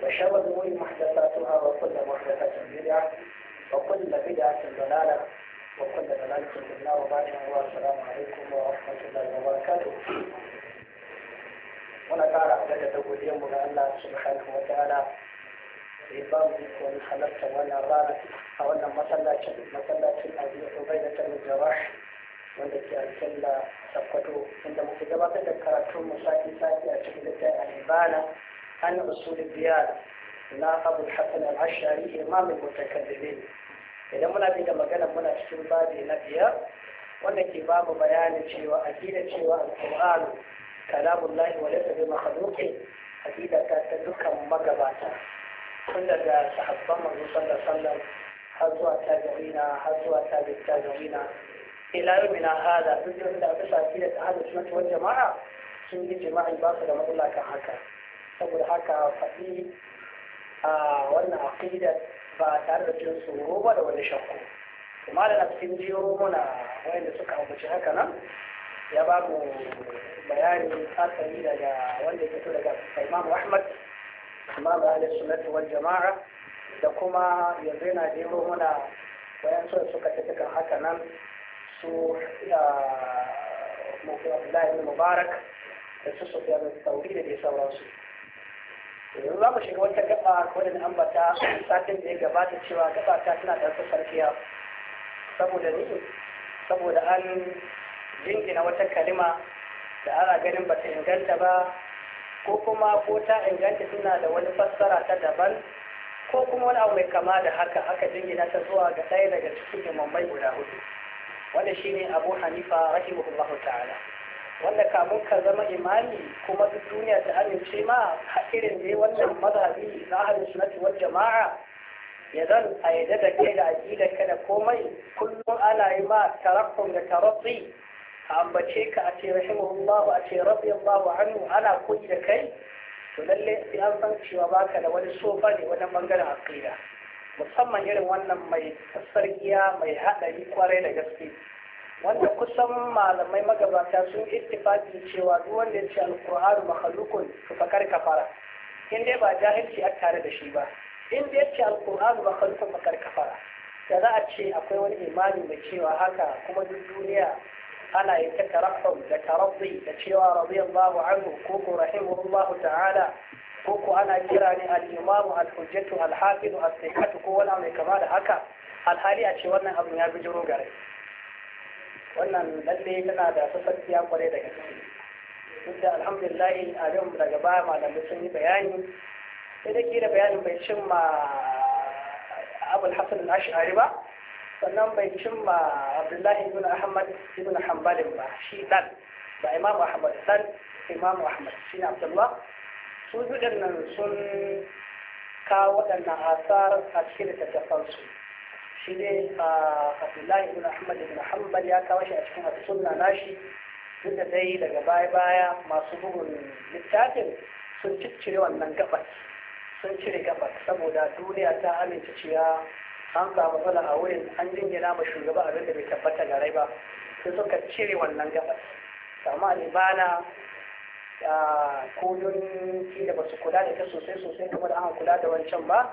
وشر الأمور محدثاتها وكل محدثة بدعة وكل بدعة ضلالة وكل ضلالة في النار وبعد السلام عليكم ورحمة الله وبركاته. وانا تعالى عبدك اليوم يوم الله سبحانه وتعالى في بابك كل خلقت وانا رابط وانا مصلات مصلات ابي عبيدة بن جراح وانا كالكلا سقطوا عندما في جبهة الكراتون مساكي ساكي اشكلت الابانه عن أصول الديانة na abu hassan al'ashari imamin mutakallime idan muna bi da magana muna cikin babi na biyar wanda ke babu bayanin cewa aqida cewa al-qur'an kalamun lahi wa laysa bi makhluqin aqida ta ta dukkan magabata tun daga sahabban manzo sallallahu alaihi har zuwa tabi'ina har zuwa tabi'in tabi'ina ila yawmina hada duk da bisa aqida ta ahlus sunnah wal jama'a sun yi jima'i ba su da matsala kan haka saboda haka faɗi a wannan aƙidar ba tare da jin tsoro ba da wani shakku kuma da cikin jiro muna wayanda suka ambaci haka nan ya ba mu bayani asali daga wanda ya fito daga imamu ahmad imam ahli sunnati wal jama'a da kuma yanzu yana jiro muna wayan suka tafi kan haka nan su Abdullahi Mubarak da su Sufyan Tsauri da dai sauransu. yanzu za mu shiga wata gaba wadda na ambata satin da ya gabata cewa gaba ta tana da wasu farfiya saboda ni saboda an jingina wata kalima da ana ganin bata inganta ba ko kuma ko ta inganta suna da wani fassara ta daban ko kuma wani abu mai kama da haka aka jingina ta zuwa ga ɗaya daga cikin imamai guda hudu wanda shine abu hanifa rahimahullahu ta'ala wanda kamun ka zama imami kuma duk duniya ta amince ma a irin dai wannan mazhabi na ahlus sunnati wal jama'a ya zan a yadda da kai da aqida ka da komai kullum ana yi ma tarakkum da taratsi a ambace ka a ce rahimahullahu a ce radiyallahu anhu ana koyi da kai to lalle sai an san cewa baka da wani sofa ne bangare bangaren aqida musamman irin wannan mai sarkiya mai haɗari kwarai da gaske wanda kusan malamai magabata sun ittifaki cewa duk wanda ya ce alqur'anu makhluqun fakar kafara in dai ba jahilci a tare da shi ba in dai ce al'kur'anu makhluqun fakar kafara da za a ce akwai wani imani mai cewa haka kuma duk duniya ana yi ta da tarafi da cewa radiyallahu anhu ko ko rahimahullahu ta'ala ko ko ana kira ne al-imamu al-hujjatu al-hafidu al sihhatu ko wani mai kama da haka alhali a ce wannan abin ya bi bijiro gare wannan lalle tana da fasasciya kwarai da gaske duk da alhamdulillah a yau daga baya malamai sun yi bayani sai da kila bayanin bai ma abul hasan al-ash'ari ba sannan bai ma abdullahi ibn ahmad ibn hanbalin ba shi dan ba imam ahmad dan imam ahmad shi ne abdullah su bidan nan sun kawo waɗannan asar a cikin littattafansu shi a ah, abdullahi ibn ahmad ibn hanbal ya kawo shi a cikin wasu sunna nashi duk da dai daga baya baya masu bugun littafin sun ciccire wannan gabas sun cire gabas saboda duniya ta amince cewa an samu matsala a wurin an jingina ma shugaba abin da bai tabbata ga rai ba sai suka cire wannan gabas amma libana ah, ko don da ba su kula da ta sosai sosai kamar an kula da wancan ba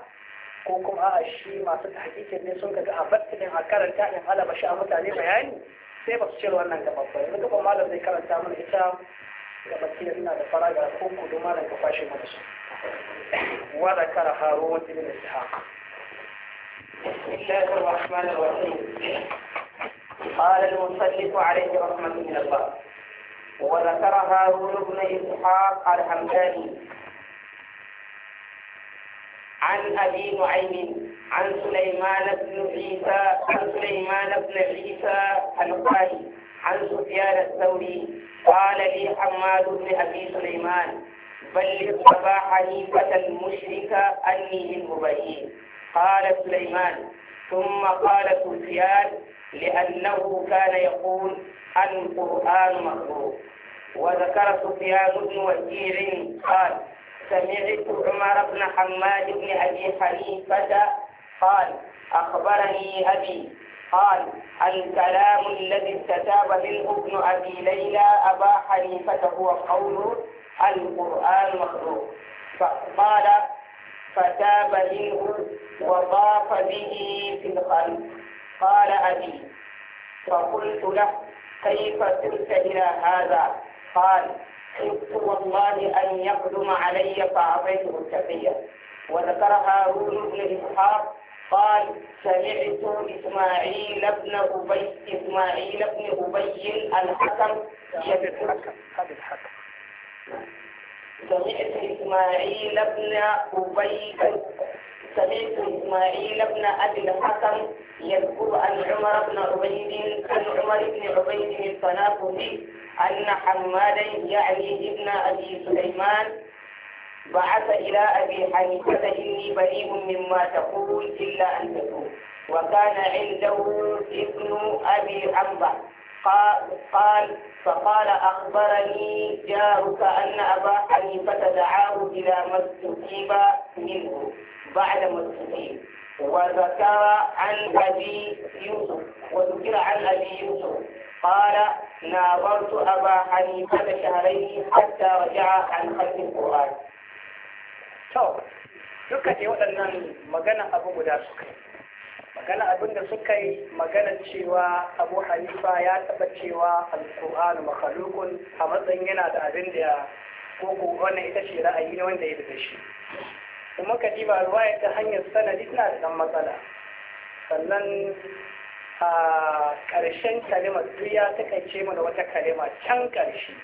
حكمكم ها الشيء ما تتحقيق الناس هم كذا عبت لهم هكذا تاني هلا بشاء متعني معين سيب أتصل وانا كبابا لما تبغى ما لازم يكرر تعمل إسام لما تصير هنا الفراغ الحكم دوما لك فاش ما تصير وهذا كره هارون بن إسحاق الله الرحمن الرحيم قال المصلي عليه رحمة من الله وذكر هارون بن إسحاق الحمداني عن أبي نعيم عن سليمان بن عيسى عن سليمان بن عيسى القاري عن سفيان الثوري قال لي حماد بن أبي سليمان بلغ أبا حنيفة المشرك أني من مبين قال سليمان ثم قال سفيان لأنه كان يقول القرآن مخلوق وذكر سفيان بن وكيع قال سمعت عمر بن حماد بن أبي حنيفة قال أخبرني أبي قال الكلام الذي استتاب منه ابن أبي ليلى أبا حنيفة هو قول القرآن مخلوق فقال فتاب منه وضاف به في الخلق قال أبي فقلت له كيف صرت إلى هذا قال خفت والله أن يقدم علي فأعطيته الكفية وذكر هارون بن إسحاق قال سمعت إسماعيل بن أبي إسماعيل بن أبي الحكم سمعت إسماعيل بن أبي سمعت إسماعيل بن أبي الحكم يذكر ان عمر بن عبيد عن عمر بن عبيد الفنافذي أن حمادا يعني ابن أبي سليمان بعث إلى أبي حنيفة إني بريء مما تقول إلا أن تقول وكان عنده ابن أبي عمبة قال فقال أخبرني جارك أن أبا حنيفة دعاه إلى ما استجيب منه بعد مسلمين وذكر عن أبي يوسف وذكر عن أبي يوسف قال ناظرت أبا حنيفة شهرين حتى رجع عن خلف القرآن to duka dai waɗannan magana abu guda suka magana abin da suka yi magana cewa abu hanifa ya taɓa cewa alƙur'anu makhalukun a matsayin yana da abin da ko wannan ita ce ra'ayi na wanda ya da shi kuma ka diba ruwaya ta hanyar sanadi tana da ɗan matsala sannan a ƙarshen kalimar duniya ta kance mana wata kalima can ƙarshe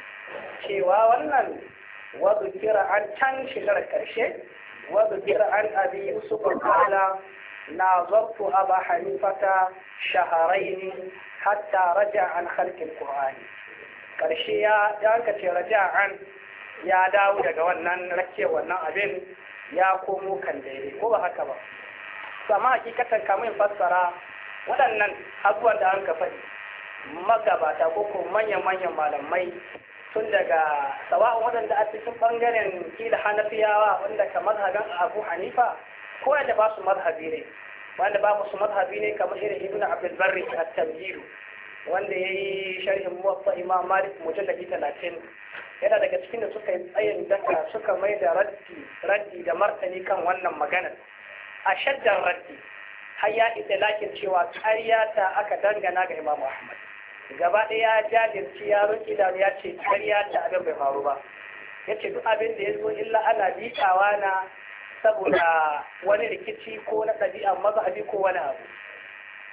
cewa wannan wadda kira an can shigar ƙarshe wadda kira an abi yusuf kala na zartu aba hanifata shaharaini hatta raja an harkin qur'ani ƙarshe ya ya ce raja an ya dawo daga wannan rake wannan abin ya komo kan daidai ko ba haka ba sama hakikatan kamun fassara waɗannan abubuwan da an ka faɗi magabata ko ko manyan-manyan malamai tun daga sawa'un waɗanda a cikin ɓangaren kila hanafiyawa wanda ka mazhaban abu hanifa ko yadda ba su mazhabi ne wanda ba su mazhabi ne kamar irin ibn abdul barri a tamhidu wanda yayi sharhin muwatta imam malik ke talatin yana daga cikin da suka yi tsayin daka suka mai da raddi raddi da martani kan wannan maganar a shaddan raddi har ya isa lakin cewa ƙarya ta aka dangana ga imamu ahmad gaba ɗaya jajirci ya roƙi da ya ce ƙarya ta abin bai faru ba ya ce duk abin da ya zo illa ana biƙawa na saboda wani rikici ko na ɗabi'a mazhabi ko wani abu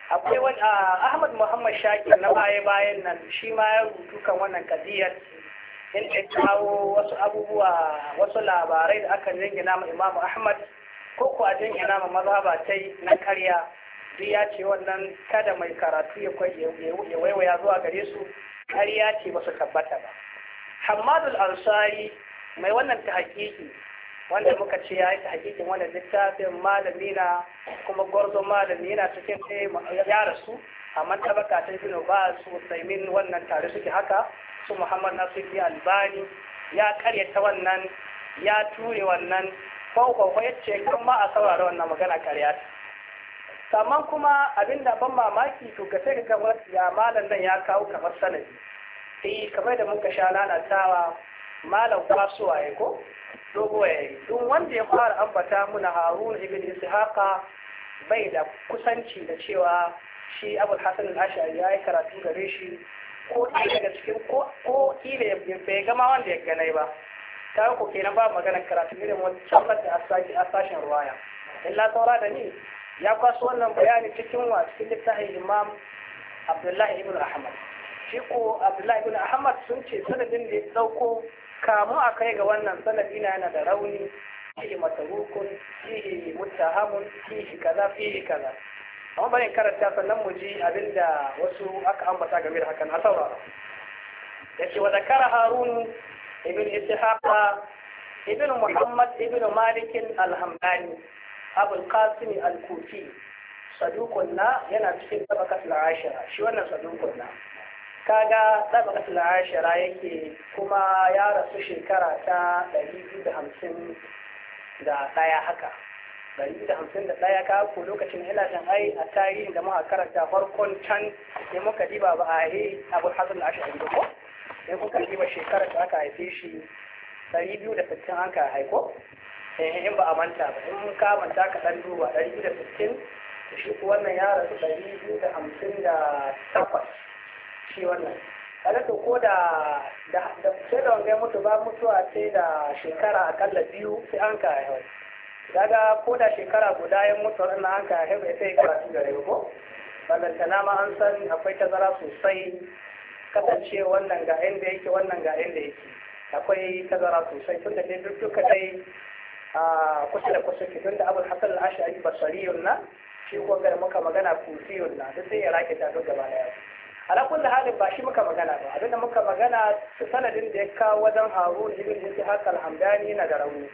akwai wani ahmad muhammad shakir na baya bayan nan shi ma ya rubutu kan wannan kadiyar in kawo wasu abubuwa wasu labarai da aka jingina ma imamu ahmad ko kuwa jingina ma mazhaba ta na karya duk ya ce wannan kada mai karatu ya waiwaya zuwa gare su karya ce ba su tabbata ba hamadul ansari mai wannan ta hakiki wanda muka ce ya yi ta hakikin wannan littafin malami kuma gwarzo malami yana cikin eh, ya rasu a matabaka ta ba su usaimin wannan tare suke haka su muhammad nasiru albani ya ta wannan ya ture wannan ko kwakwa ya ce kan ma a saurara wannan magana karyata sannan kuma abin da ban mamaki to ga sai ga ya malam nan ya kawo kamar sanadi eh kamar da muka sha lalatawa malam kwasuwa ya ko dogo ya yi duk wanda ya fara ambata muna harun ibn ishaqa bai da kusanci da cewa shi abul hasan al-ashari ya yi karatu gare shi ko ɗaya daga cikin ko ko kila bai gama wanda ya ganai ba ta ko kenan ba maganar karatu ne wancan da a asashin ruwaya illa saura da ni ya kwaso wannan bayani cikin wa cikin littafin imam abdullahi ibn ahmad shi ko abdullahi ibn ahmad sun ce sanadin da ya dauko kamu a kai ga wannan sanadi yana da rauni fihi matarukun fihi muttahamun fihi kaza fihi kaza amma bari karanta sannan mu ji abinda wasu aka ambata game da hakan a Ya yace wa zakara harun ibn ishaqa ibn muhammad ibn malik al-hamdani abu al-qasim al-kufi yana cikin tabakat al-ashara shi wannan sadukun na kaga tabakat al-ashara yake kuma ya rasu shekara ta 250 da daya haka ɗari da hamsin da ɗaya ka ko lokacin ina jin ai a tarihin da muka karanta farkon can ne muka diba ba a yi abu hasan ashari ba ko sai kuka diba shekarar da aka haife shi ɗari biyu da sittin an ka haiko eh, in ba a manta ba in ka manta ka ɗan duba ɗari biyu da sittin shi wannan ya rasu ɗari biyu da hamsin da takwas shi wannan kaga to ko da da sai da wanda mutu ba mutuwa sai da shekara akalla biyu sai an ka haihuwa daga ko da shekara guda ya mutu wannan an ka haifa sai karatu gare ko wannan salama an san akwai tazara sosai kasance wannan ga inda yake wannan ga inda yake akwai tazara sosai tun da dai duk duka dai a kusa da kusa ke tunda abul hasan al-ash'ari basariyun na shi ko ga muka magana kusiyun na duk sai ya rake ta duk gaba daya ala da halin ba shi muka magana ba abinda muka magana su sanadin da ya kawo wajen Haru, ibn ishaq al-hamdani na da rauni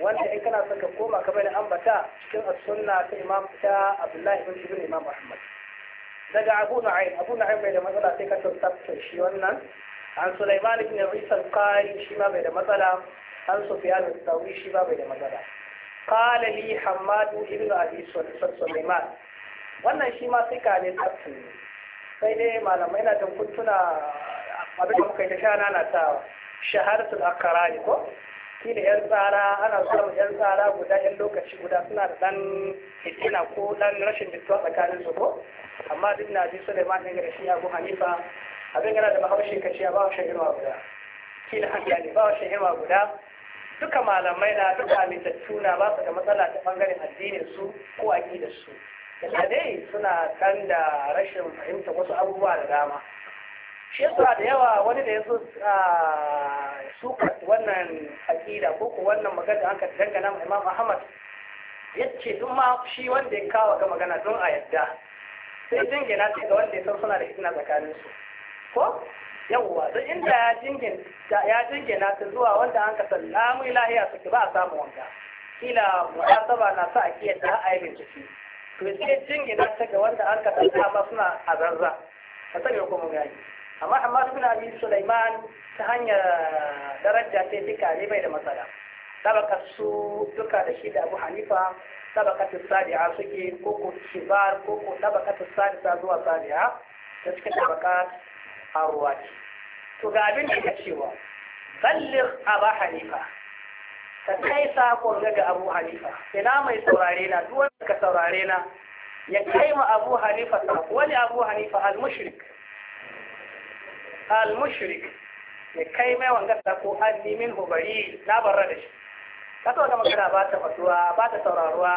wanda in kana son ka koma kamar da ambata cikin as-sunna ta imam ta Abdullahi ibn Jibril Imam Ahmad daga Abu Nu'aym Abu Nu'aym mai da matsala sai ka tantance shi wannan an Sulaiman ibn Isa al-Qari shi ma bai da matsala an Sufyan al-Thawri shi ma bai da matsala qala li Hammad ibn Abi Sulaiman wannan shi ma sai ka ne tsaftin sai dai malamai na da kuntuna abin da muka yi ta shana na ta shahadatul aqrani ko ne yan tsara ana samun yan tsara guda yan lokaci guda suna da dan hikina ko dan rashin jituwa tsakanin su ko amma duk na bi Sulaiman da shi Abu Hanifa abin yana da bahaushe kashi ba shi irma guda kila hakiya ne ba shi guda duka malamai na duka amintattu na ba su da matsala ta bangaren addinin su ko aqidar su da dai suna kan da rashin fahimta wasu abubuwa da dama shi yasa da yawa wani da yanzu suka wannan aƙida ko ko wannan magana da aka dangana ma Imam Ahmad yace duk ma shi wanda ya kawo ga magana don a yadda sai jingina shi ga wanda ya san suna da fitina tsakanin su ko yawa don inda ya jingin ya jingina ta zuwa wanda an ka sallamu lamu ilahiya suke ba a samu wanda kila mu'asaba na sa a kiyata a yi bincike to sai jingina ta ga wanda an ka sallama suna a zanza, ka sani ko gani amma amma suna biyu sulaiman ta hanyar daraja sai duka ne bai da matsala sabaka su duka da shi da abu hanifa sabaka ta sadi'a suke koko shibar koko sabaka ta sadi'a zuwa sadi'a da cikin sabaka a ruwa to ga abin da ya cewa ballir abu hanifa ka kai sakon ga abu hanifa ina mai saurare na duk wanda ka saurare na ya kai ma abu hanifa sakon wani abu hanifa al-mushrik al-mushrik ya kai mai wanga ko anni min hubari na barra da shi ka to da magana ba ta fasuwa ba ta sauraruwa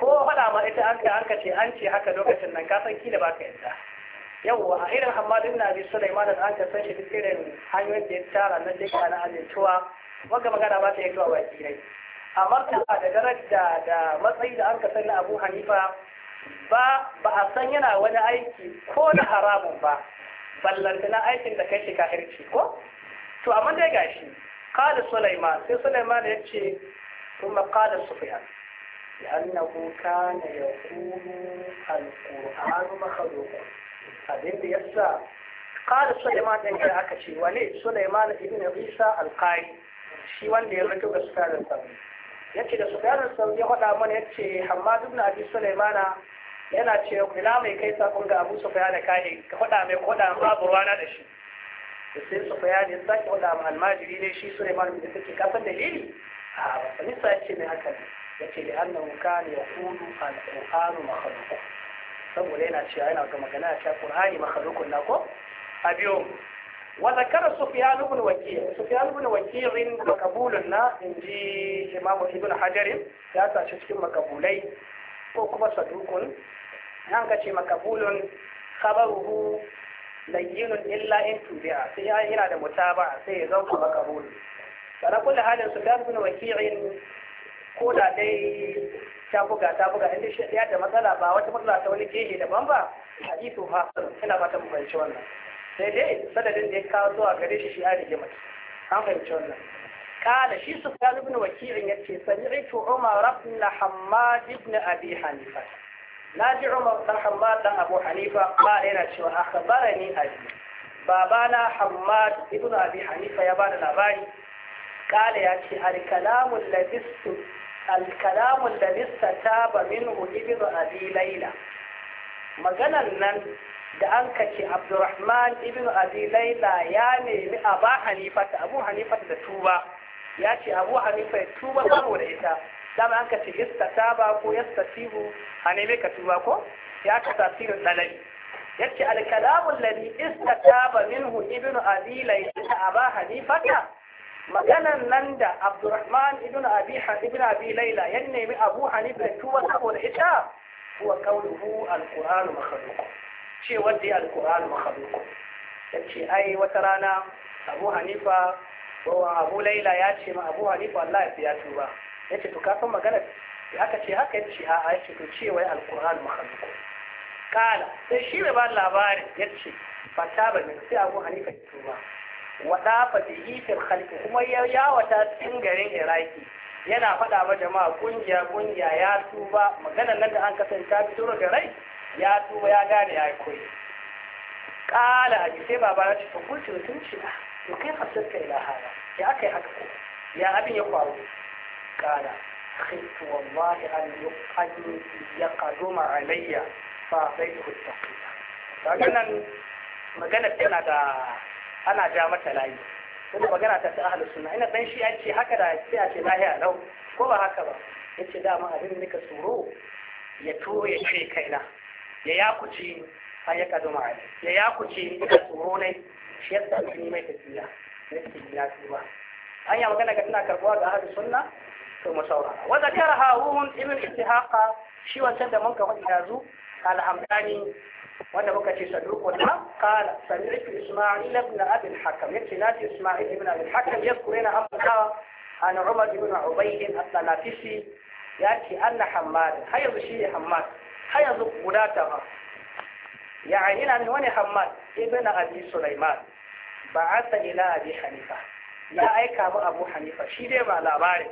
ko faɗa ma ita an ka an ka ce an ce haka lokacin nan ka san kila ba ka yadda yawwa a irin Hamad ibn Abi Sulaiman an ka san shi duk irin hanyoyin da ya tara na dukkan na alintuwa wanga magana ba ta yi zuwa baki ne a martaba da daraja da matsayi da an ka san na Abu Hanifa ba ba a san yana wani aiki ko na haramun ba ballantana aikin da kai shi kahirci ko to amma dai gashi qala sulaiman sai sulaiman ya ce kuma qala sufyan لأنه كان يقول القرآن مخلوق abin da yasa qala sulaiman dan kai aka ce wane sulaiman ibn Isa alqai shi wanda ya rubuta ga Sufyan al yace da Sufyan sai ya faɗa mana yace hamad ibn Abi Sulaimana yana ce ina mai kai sakon ga abu su fayana kane ka faɗa mai kwaɗa babu rana da shi da sai su fayana ya sake faɗa ma almajiri ne shi suleiman da suke kasan dalili a ba sani sa ce mai haka ne ya ce da annan kane ya kudu alƙur'anu makhaluku saboda yana cewa yana ga magana ya ƙur'ani alƙur'ani makhalukun na ko a biyo وذكر سفيان بن وكيع سفيان بن وكيع مقبول لنا عند إمام ابن ya لا cikin makabulai. ko kuma sadukun an ka ce makabulun khabaruhu layyinun illa in tubi'a sai ya yana da mutaba sai ya zauka makabul Kana kula halin su gafi na waki'in ko da dai ta buga ta buga inda shi ya da matsala ba wata matsala ta wani gehe daban ba hadithu hasan ina fata mu fahimci wannan sai dai sanadin da ya kawo zuwa gare shi shi ya rige mata an fahimci wannan da shi su kalu wakilin ya ce sami umar rabin hamad ibn abi hanifa na ji umar dan hamad dan abu hanifa ba da yana cewa a kabara ni aji babana hamad ibn abi hanifa ya bada labari kala ya ce alkalamun da lissa ta ba min ibn abi laila maganan nan da an kace abdurrahman ibn abi laila ya nemi a ba hanifata abu hanifata da tuba ya ce abu hanifa ya tuba saboda ita dama an ka ce istataba ko yastatibu a neme ka tuba ko ya ka tasirin dalali ya ce alkalamun ladi istataba minhu ibnu abi laysa aba ta? maganan nan da abdurrahman ibn abi ibn abi laila ya nemi abu hanifa ya tuba saboda ita huwa qawluhu alqur'anu makhluq ce wanda alqur'anu makhluq ce ai wata rana abu hanifa wa abu laila ya ce ma abu Halifu Allah ya fiya tuba ya ce to ka magana magana aka ce haka yace a a yace to ce wai alquran makhluq kala sai shi mai ba labari yace ba ne sai abu hanifa ya tuba wada fa bihi fil kuma ya yawata cikin garin iraki yana faɗa ma jama'a kungiya kungiya ya tuba maganar nan da an kasanta fito da rai ya tuba ya gane ya koyi kala a sai baba ce fa kulti mutunci na to kai fasirka ila hawa ya aka yi haka ko ya abin ya faru kala ya والله alayya. يقدم يقدم علي فأعطيته التقية nan, magana tana da ana ja mata layi wanda magana ta ta ahlus sunna ina dan shi ce haka da sai a ce lahiya lau ko ba haka ba yace dama abin da nika tsoro ya to ya ce kaina ya yakuci an ya kaduma ya yakuci nika tsoro ne shi yasa ake mai tafiya na tafiya su ba an yi magana ga tana karbuwa ga ahadu sunna to mu saurara wa zakara hawun ibn istihaqa shi wancan da mun ka faɗi yanzu alhamdani wanda muka ce saduku na qala sami'tu isma'il ibn abi al-hakam yace na ce isma'il ibn abi al-hakam yakurina amsa an umar ibn ubayd al-sanafisi yace anna hammad hayya shi hammad hayya gudata يعني أن وني حماد ابن أبي سليمان بعث إلى أبي حنيفة يا أيكا أبو حنيفة شيدي ما لاباري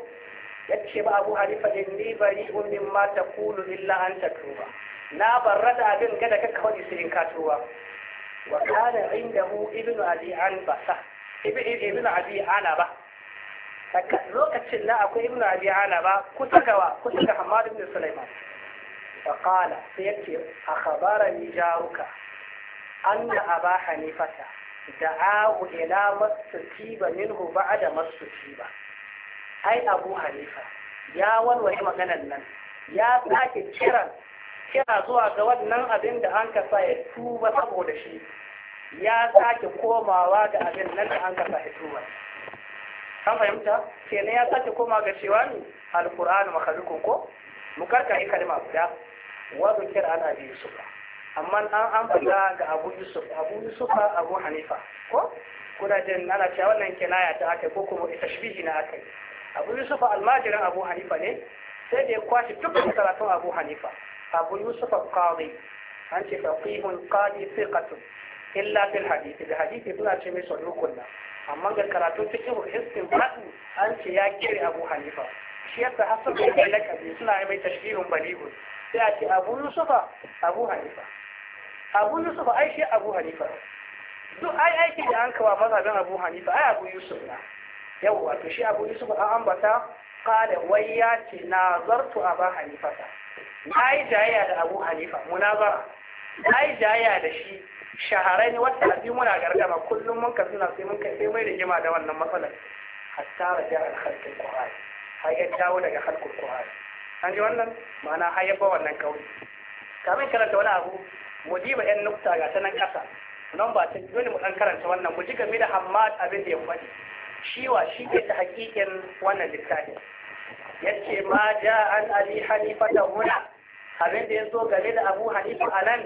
yace ba Abu Hanifa inni bari'un mimma taqulu illa an ta tuba. na barrada abin gada kaka wani sai in ka tuba wa kana indahu ibnu abi anbasa ibnu abi anaba lokacin na akwai ibnu abi anaba kusa gawa kusa ga Hamad ibn Sulaiman faƙala sai yake a kabara ni jaruka an na a ba hanifata da ahu ila masu tiba minhu ba da masu tiba ai abu hanifa ya walwale maganar nan ya sake kiran kira zuwa ga wannan abin da an kasa ya tuba saboda shi ya sake komawa ga abin nan da an kasa ya tuba Kan fahimta kenan ya sake koma ga cewa ne alkur'ani makalukun ko mu karka yi kalma guda wa kira an abi yusuf amma an an da ga abu yusuf abu yusuf abu hanifa ko kuna jin ana cewa wannan kinaya ta aka ko kuma tashbihi na aka abu yusuf almajirin abu hanifa ne sai da ya kwashi dukkan karatun abu hanifa abu yusuf qadi an ce faqihun qadi thiqatun illa fil hadith da hadithi suna ce mai sadukun nan amma ga karatun fiqh hiskin fadu an ce ya kire abu hanifa shi yasa hasan bin lakabi suna mai tashbihun balihun sai a ce abu yusufa abu hanifa abu yusufa ai shi abu hanifa duk ai aiki da an kawa mazhabin abu hanifa ai abu yusuf na yawwa to shi abu yusuf an ambata qala wai ya ce nazartu abu hanifa ai jayya da abu hanifa munazara ai jayya da shi shaharai ne wata abi muna gargama kullum mun kasu na sai mun kai sai mai rigima da wannan matsalar hatta da al-khalqul qur'an har ya dawo daga khalqul qur'an an wannan ma'ana hayyafa wannan kauli kamin karanta wani abu mu diba yan nukta ga ta nan ƙasa nan ba ta dole mu ɗan karanta wannan mu ji game da hammad abin da ya faɗi wa shi ke ta hakikin wannan littafin yace ma ja an ali hanifa da huna abin da ya zo game da abu hanifa a nan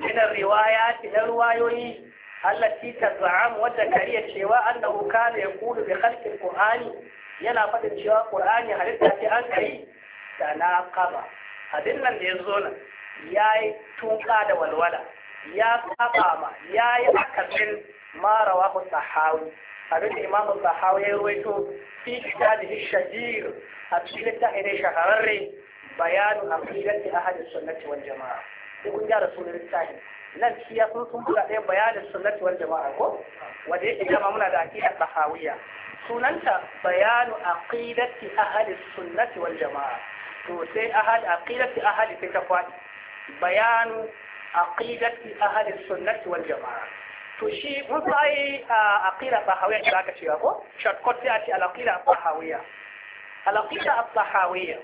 minar riwaya na ruwayoyi allati tazam wata kariya cewa annahu kana yaqulu bi khalqi alqur'ani yana faɗin cewa qur'ani halitta ce an kai tanaqaba abin nan da ya zo nan ya yi tuka da walwala ya kaba ma ya yi akasin marawa ku sahawi abin da imamu sahawi ya ruwaito fi kitabihi shajir a cikin littafin shahararre bayanu aqidati ahli sunnati wal jamaa sai kun gyara sunan littafin nan shi ya sun sun buga ɗaya bayanin sunnati wal jama'a ko wanda yake jama muna da aqida sahawiya. sunanta bayanu aqidati ahli sunnati wal jama'a to sai ahad aqidati ahli sai ta faɗi bayanu aqidati ahli sunnati wal jama'a to shi mun sai aqida sahawiya da aka cewa ko shortcut sai a ce al-aqida sahawiya al-aqida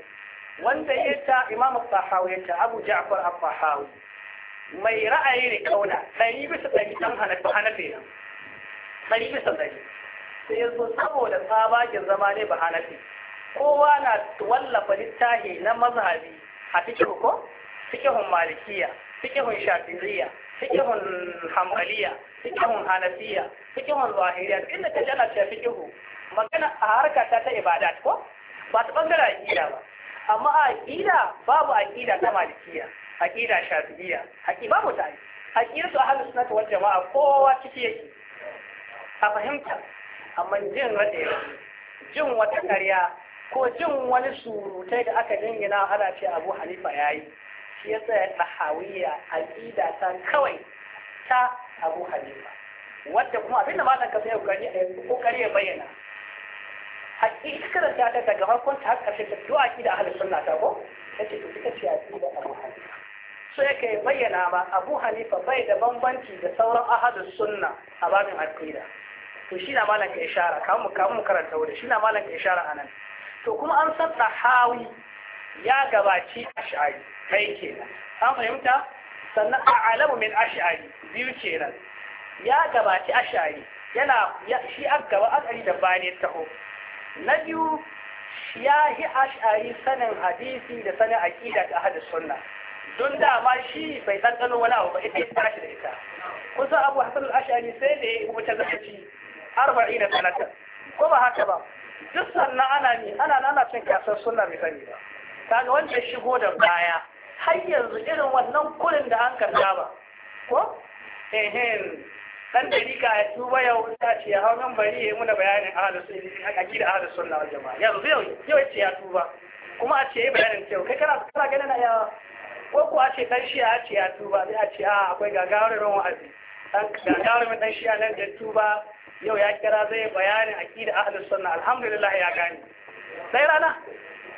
wanda ya imam sahawiya ta abu ja'far al mai ra'ayi ne kauna ɗari bisa ɗari ɗan hanafi nan ɗari bisa ɗari sai ya zo saboda tsabagen zama ne ba hanafi kowa na wallafa littafi na mazhabi a cikin ko fikihun malikiya fikihun shafiriya fikihun hambaliya fikihun hanafiya fikihun zahiriya inda ta jana ta fikihu magana a harka ta ta ibadat ko ba ta bangare aqida ba amma a aqida babu aqida ta malikiya aqida shafiriya haki babu ta aqida su ahlus sunnah wal jamaa kowa ciki yake a fahimta amma jin rade jin wata ƙarya ko jin wani surutai da aka jingina ana ce abu hanifa ya yi shi ya tsaya hawiya al'ida ta kawai ta abu hanifa wadda kuma abin da malam kasa ya kokari ya bayyana hakikar ta ta daga farkon ta har ƙarshe ta duk aƙida ahlus sunna ta ko yace to ita ce aƙida abu hanifa so yake bayyana ba abu hanifa bai da bambanci da sauran ahlus sunna a babin aƙida to shi na malam ka ishara kamun mu karanta wuri shi na malam ka ishara anan to kuma an san tahawi ya gabaci ash'ari kai kenan an fahimta sannan a a'lamu min ash'ari biyu kenan ya gabaci ash'ari yana shi an gaba akari da bani taho na biyu ya yi ash'ari sanin hadisi da sanin aqida da ahadus sunna don dama shi bai ɗanɗano wani abu ba ita ya tashi da ita kusa abu hasan al-ash'ari sai da ya yi kuma ta zaci arba'ina sanata ko ba haka ba duk sannan ana ne ana ana cin kasar sunna mai sani ba kaga wanda ya shigo da baya har yanzu irin wannan kurin da an karta ba ko ehem dan dalika ya tuba yau ta ce ya hau nan bari ya yi muna bayanin ahlus sunna akida ahlus sunna wal jamaa yanzu yau yau ya ce ya tuba kuma a ce ya bayanin cewa kai kana kana ganin ya ko ko a ce dan shi ya ce ya tuba sai a ce a ah, akwai gagarumin wa'azi dan gagarumin dan shi nan da tuba yau ya kira zai bayani bayanin aqida ahlus sunna alhamdulillah ya gani. sai rana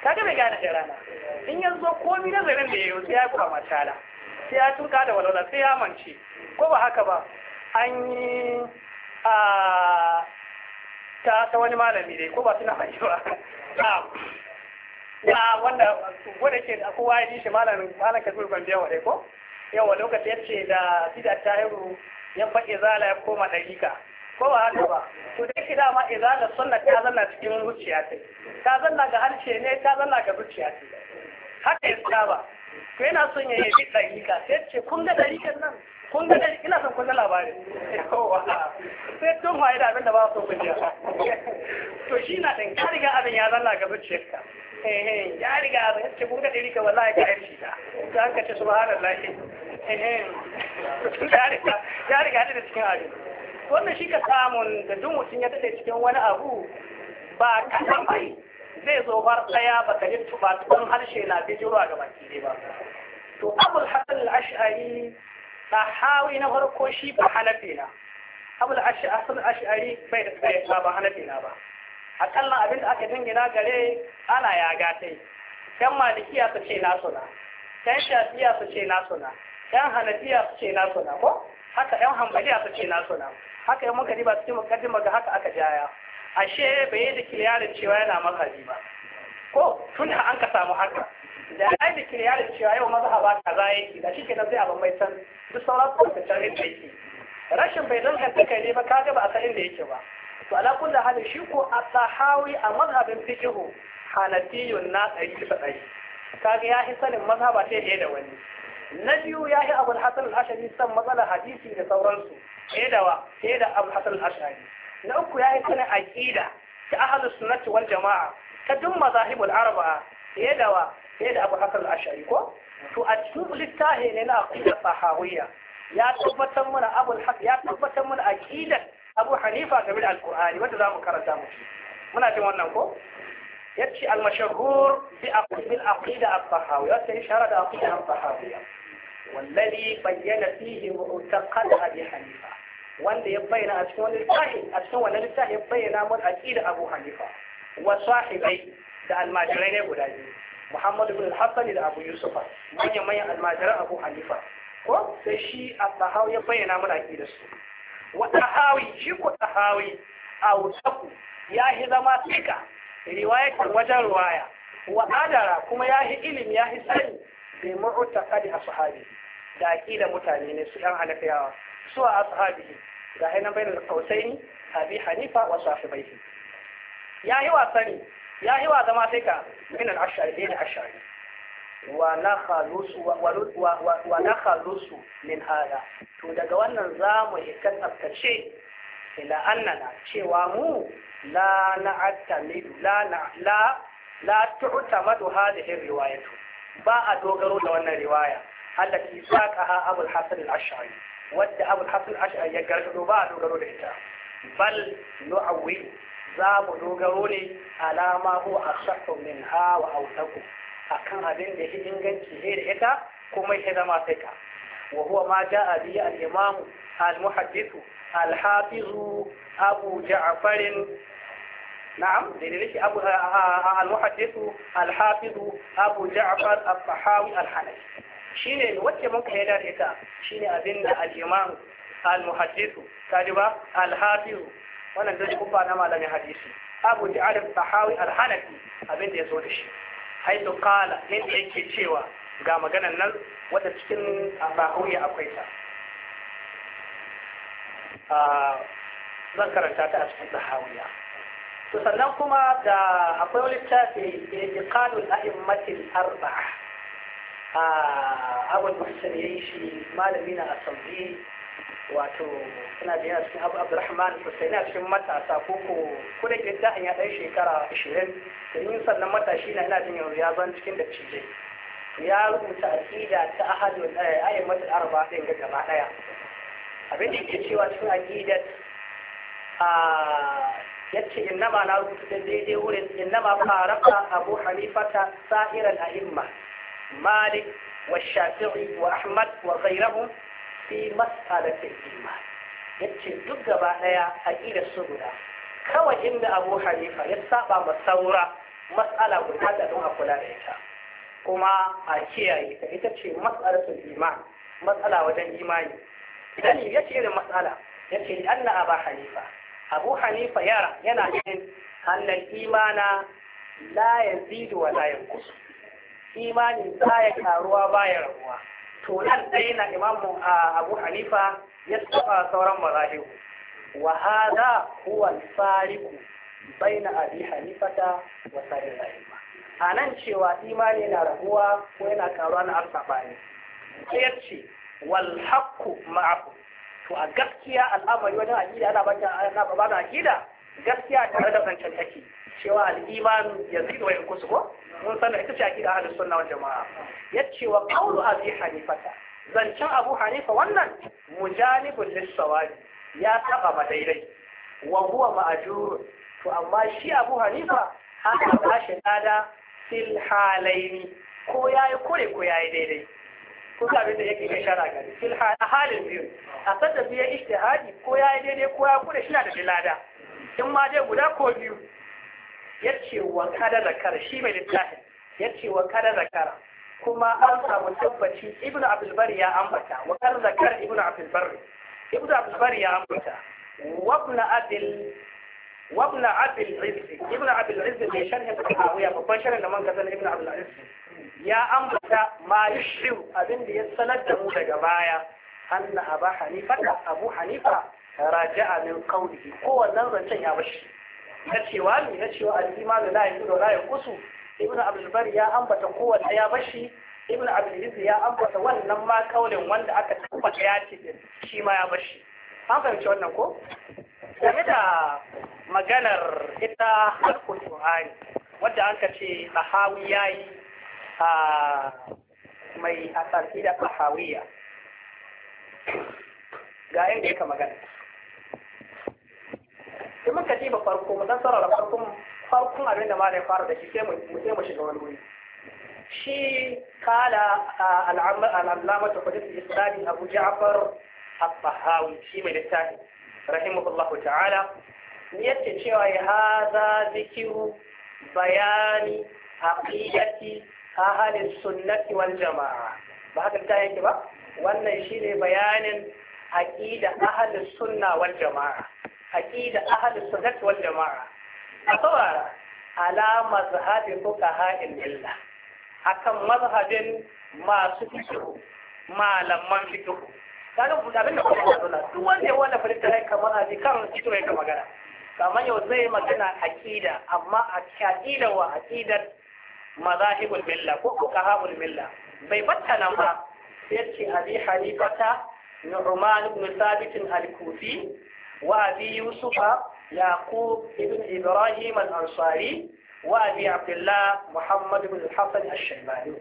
ta bai gane sai rana in yanzu na zarin da yi sai ya kura matala sai ya turka da walwala sai ya mance ko ba haka ba an yi a ta ta wani malami dai ko ba suna mai ba ya wanda wanda ke da kowa ya ji shi malamin malam Kabiru ban biya wadai ko yawa lokaci yace da sidat tahiru ya faɗi zala ya koma ɗarika ko ba haka ba to dai ki dama izala sunna ta zanna cikin zuciya ta ta zanna ga harshe ne ta zanna ga zuciya ta haka ya saba to yana son ya yi dariƙa sai ce kun ga kan nan kun ga dariƙa ina son kun ga labarin sai tun waye da abin da ba su kujiya to shi na dan ka riga abin ya zanna ga zuciyarka ya riga abin ce kun ga dariƙa wallahi ka yi ta ta hankace subhanallah ya riga da cikin abin wannan shi ka samun da duk mutum ya daɗe cikin wani abu ba kaɗan bai zai zo har tsaya ba ka yi tubatun harshe na bijirwa ga baki ne ba to abul hasan al-ash'ari hawi na farko shi ba hanafi na abul hasan al-ash'ari bai da tsaye ba hanafi na ba kallon abin da aka na gare ana ya yi. yan malikiya su ce nasu na yan shafiya su ce nasu na yan hanafiya su ce nasu na ko haka yan hambaliya su ce nasu na haka yi ba su yi ba ga haka aka jaya ashe bai yi da kiliyarin cewa yana makari ba ko tun da an ka samu haka da ai da kiliyarin cewa yau maza mazhaba kaza yake da shi kenan sai a bambai san duk sauran su da tare da yake rashin bai danganta kai ne ba kaga ba a san inda yake ba to ala kulli hali shi ko a sahawi a mazhabin fiqh hanafiyun na ɗari bisa ɗari kaga ya fi sanin mazhaba ta da wani na biyu ya yi abul hasan al-ashari san matsalar hadisi da sauransu sai da wa sai da abu hasan al-ash'ari na uku yayi sanin aqida ta ahlus sunnati wal jamaa ta duk mazahibul arba'a sai da wa sai da abu hasan al-ash'ari ko to a cikin littafi ne na aqida sahawiyya ya tabbatar mana abu ya tabbatar mana aqidan abu hanifa game da alqur'ani wanda zamu karanta mu muna jin wannan ko yace al-mashhur bi aqid al-aqida as-sahawiyya sai shara da aqida as-sahawiyya والذي بين فيه معتقد ابي حنيفه wanda ya bayyana a cikin wani littafi a cikin wannan littafi ya bayyana mun aqida Abu Hanifa wa sahibai da almajirai ne guda biyu Muhammad ibn al hasan da Abu Yusufa manyan manyan almajiran Abu Hanifa ko sai shi Abahawi ya bayyana mun aqida su wa Tahawi shi ko Tahawi au wutaku ya hi zama kika? riwayatar wajen ruwaya wa adara kuma ya hi ilimi ya hi sani bi mu'taqadi ashabi da aqida mutane ne su yan halakayawa suwa ashabihi ga hainan bayan kausaini abi hanifa wa sahibaihi ya yi wa sani ya yi wa zama sai ka min al-ashari bin al-ashari wa na wa min hada to daga wannan zamu hikan tsaftace ila annana cewa mu la na'tamidu la la la tu'tamadu hadhihi riwayatu ba a dogaro da wannan riwaya allati saqaha abul hasan al-ashari wadda abu hasan ash'ari ya gargado ba a dogaro da ita bal nu'awwi za mu dogaro ne alama ko a min ha wa autaku akan abin da yake inganci ne da ita kuma yake zama sai ka wa huwa ma ja'a bi al-imam al-muhaddith al-hafiz abu ja'far نعم لذلك أبو المحدث shine wacce mun ka yada ita shine abin da al-imam al-muhaddith kadiba al-hafiz wannan da kuma na malamin hadisi abu ja'al al-tahawi al-hanafi abin da yazo da shi haitu qala in yake cewa ga maganar nan wata cikin bahawi akwai ta zan karanta ta a cikin bahawiya to sannan kuma da akwai wani littafi iliqanul a'immatil arba'a Abin muhsin ya yi shi malami na a wato suna da yana cikin abu abdurrahman hussein a cikin matasa ko ko kuda ke da ya ɗan shekara ashirin domin sannan matashi na yana jin yanzu ya zan cikin da cije ya rubuta aƙida ta ahadun ayyamatul arba ɗin ga gaba ɗaya abin da yake cewa cikin aƙidar yace innama na rubuta daidai wurin innama faraka abu halifata sa'iran a'imma Malik wa مالك والشافعي وأحمد وغيرهم في مسألة الإيمان yace duk gaba ɗaya a ƙira su guda kawai inda abu hanifa ya saba ma saura matsala guda da a kula da ita kuma a kiyaye ta ita ce matsalatul iman matsala wajen imani idan ya ce irin matsala ya ce anna abu hanifa abu hanifa yara yana ganin hannun imana la wa la yanqusu imanin ya karuwa baya rabuwa to nan dai na imamu abu hanifa ya saba sauran mazahibu wa hada huwa al-fariqu baina abi hanifata wa sa'ir al anan cewa imani na rabuwa ko yana karuwa na asabani sai yace wal haqqu ma'ahu to a gaskiya al'amari wajen aqida ana ba ana ba da aqida gaskiya tare da zancen take cewa al-iman yazidu wa yanqusu ko mun san ita ce aqida ahlus sunna wal jamaa yace wa qawlu abi hanifata zancen abu hanifa wannan mujanibun lis-sawabi ya saba ma daidai wa huwa ma'jur to amma shi abu hanifa aka bashi lada fil halaini ko yayi kure ko yayi daidai ko ga abin da yake ishara gari fil halin biyu a sanda biya ijtihadi ko yayi daidai ko ya kure shi na da lada in ma dai guda ko biyu yace wa kada kara, shi mai littafin yace wa kada kara, kuma an samu tabbaci ibnu abdul bari ya ambata wa kada zakara ibnu abdul bari ibnu abdul bari ya ambata wa ibn adil wa ibn abdul izz ibnu abdul izz ne sharhin tahawiya babban sharhin da man kasan Ibn abdul izz ya ambata ma abin da ya sanar da mu daga baya anna abu hanifa abu hanifa raja'a min qawlihi kowannen zancen ya bashi na cewa ne na cewa al-imanu la yaqilu la yaqusu ibn abdul bar ya ambata kowanne ya bashi ibn abdul ya ambata wannan ma kaulin wanda aka tabbata ya ce shi ma ya bashi an fahimci wannan ko game da maganar ita harkun qur'ani wadda an ka ce sahawi yi a mai asarfi da sahawiya ga inda ka magana in muka diba farko mu dan farkon farkon abin da malai fara da shi sai mu sai mu shiga wani wuri shi kala a al'amma ta kudin islami abu ja'far al shi mai littafi rahimahullahu ta'ala yace cewa ya hada zikiru bayani aqidati ahli sunnati wal jamaa ba haka ta yake ba wannan shine bayanin aqida ahli sunna wal jamaa aqida ahlus sunnah wal jamaa a saurara ala mazhabin fuqaha illa akan mazhabin masu fikihu malaman fikihu kaga abin da kuma dole duk wanda ya wanda farita ya kamar aji kan fikihu ya magana kamar yau zai magana aqida amma aqida wa aqidat mazahibul milla ko fuqahaul milla bai batta nan ba sai ce abi halifata nu'man ibn thabit al-kufi وأبي يوسف يعقوب بن إبراهيم الأنصاري وأبي عبد الله محمد بن الحسن الشيباني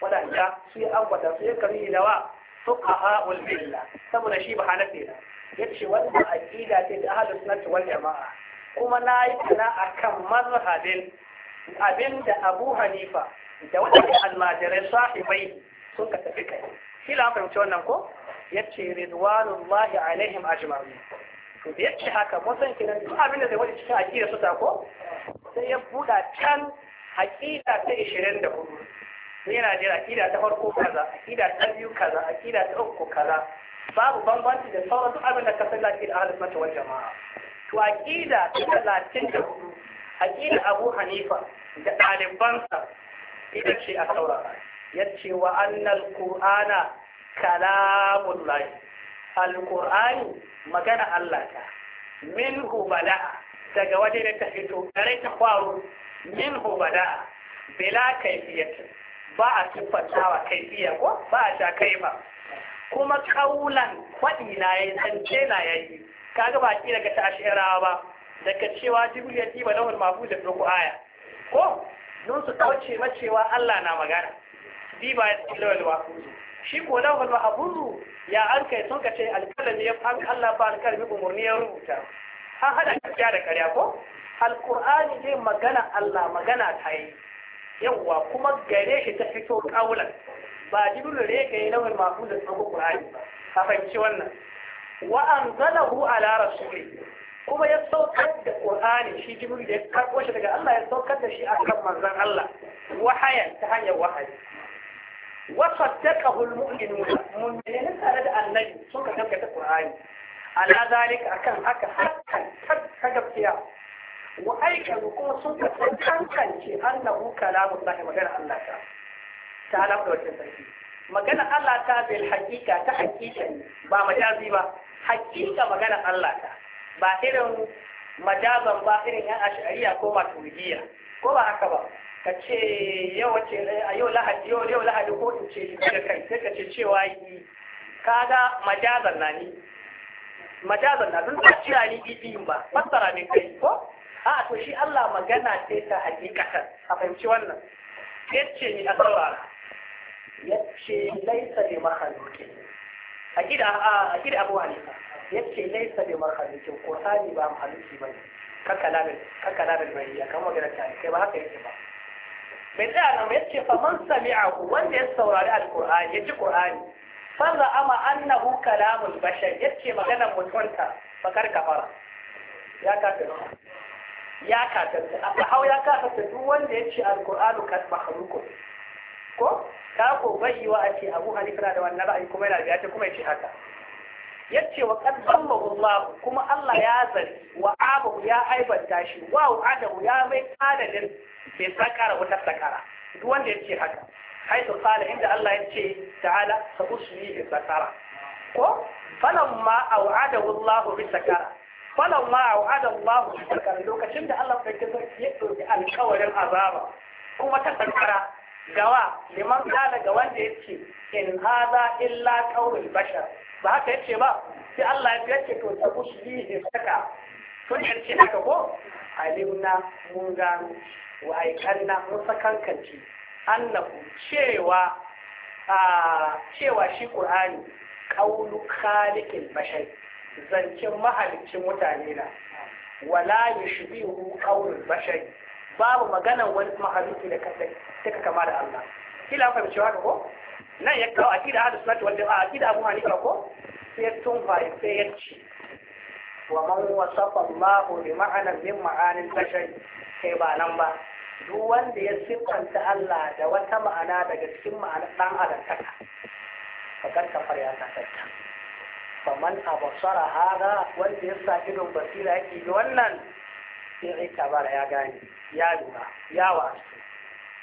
ونحن في أول تصير كمية دواء فقهاء الملة ثم نشيب حالتنا يتشي وأن أكيدة أهل السنة والجماعة كما نايتنا أكم مذهب abinda Abu Hanifa da waɗanda almajirai sahibai sun ka tafi kai. Kila an fahimci wannan ko? Yace Ridwanullahi alaihim ajma'in. to da yace haka mun san nan duk abin da zai wani cikin aqida su sako, sai ya buɗa can aqida ta ishirin da hudu. 24 yana da aqida ta farko kaza aqida ta biyu kaza aqida ta uku kaza babu bambanci da sauran duk abin da ka san lafiya ahlus sunna wal jamaa to aqida ta talatin da hudu, aqida Abu Hanifa da ɗalibansa ita ce a saurara yace wa annal qur'ana kalamullahi alƙur'ani magana Allah ta min bada'a daga waje da ta fito gare ta kwaro minhu bada'a bila kaifiyatu ba a wa kaifiya ko ba a sha ba kuma kaulan kwaɗi na yayi zance na yayi kaga ba ki daga ta'ashirawa ba daga cewa jibril ya ba lahul mafu da aya ko don su kauce macewa Allah na magana ba ya tilawa mahfuz shi ko abun ru ya an kai sun ka ce alkalami ya an Allah ba alkalami umarni ya rubuta an hada gaskiya da karya ko alqur'ani dai magana Allah magana ta yi yawa kuma gare shi ta fito kaulan ba jibril ne kai wani mafu da tsogo qur'ani ba ka fahimci wannan wa anzalahu ala rasuli kuma ya saukar da qur'ani shi jibril da ya karbo shi daga Allah ya saukar da shi akan manzon Allah wahayan ta hanyar wahayi وصدقه المؤمن مؤمنين سند النجم سنة كتابة القرآن على ذلك أكن أكن أكن كجبتيا وأيكن كما سنة كان كان أنه كلام الله وغير الله تعالى بلوجه سيدي magana Allah ta bil hakika ta hakika ba majazi ba hakika magana Allah ta ba irin majazan ba irin yan ashariya ko maturidiyya ko ba haka ba ka ce yau wace a yau lahadi yau yau lahadi ko in ce da kai sai ka ce cewa yi kaga majazan na ni majazan na dun ba cira ni bibin ba fassara ne kai ko a to shi Allah magana ce ta hakikatan a fahimci wannan yace ni a saurara yace laisa bi makhluqin akida a akida Abu Hanifa yace laisa bi ko sani ba makhluqi bane kakkalamin kakkalamin bariya kan magana ta kai ba haka yake ba bai tsaya nan ya ce faman sami'ahu wanda ya saurari alqur'ani ya ji qur'ani farza ama annahu kalamul bashar ya ce magana mutunta bakar kafara ya kafirta ya kafirta a hau ya ta duk wanda ya ce alqur'anu kas makhluqun ko ta ko bai wa a ce abu hanifa na da wannan ra'ayi kuma yana da ta kuma ya ce haka Ya ce wa qad ballahu Allah kuma Allah ya zari wa abahu ya aibanta shi wa adahu ya mai kadalin sai sakara wata sakara duk wanda ya ce haka haitu qala inda Allah ya ce ta'ala fa usmi sakara ko falamma awada Allah bi sakara falamma awada Allah bi sakara lokacin da Allah ya kisa ya dauki alƙawarin azaba kuma ta sakara gawa liman kana ga wanda ya ce in hada illa qaulul bashar ba haka yace ba sai Allah ya ce to ta usmi saka kun yace haka ko alimna mun gano wa aikanna mun sakankanci annahu cewa cewa shi qur'ani qaulu khaliqil bashar zancen mahalicin mutane na wala yushbihu qaulul bashar babu magana wani mahalicci da kasa take kama da Allah kila ka fahimci haka ko nan ya kawo akida hadu sunnah wal jamaa akida abu hanifa ko sai ya tunfa sai ya ci wa man wasafa Allah bi ma'ana min ma'anil bashar kai ba nan ba duk wanda ya siffanta Allah da wata ma'ana daga cikin ma'anar ɗan adam ka fakar ta ya kasanta faman abasara hada wanda ya sa idon basira yake ga wannan sai ai tabara ya gane ya lura ya wasu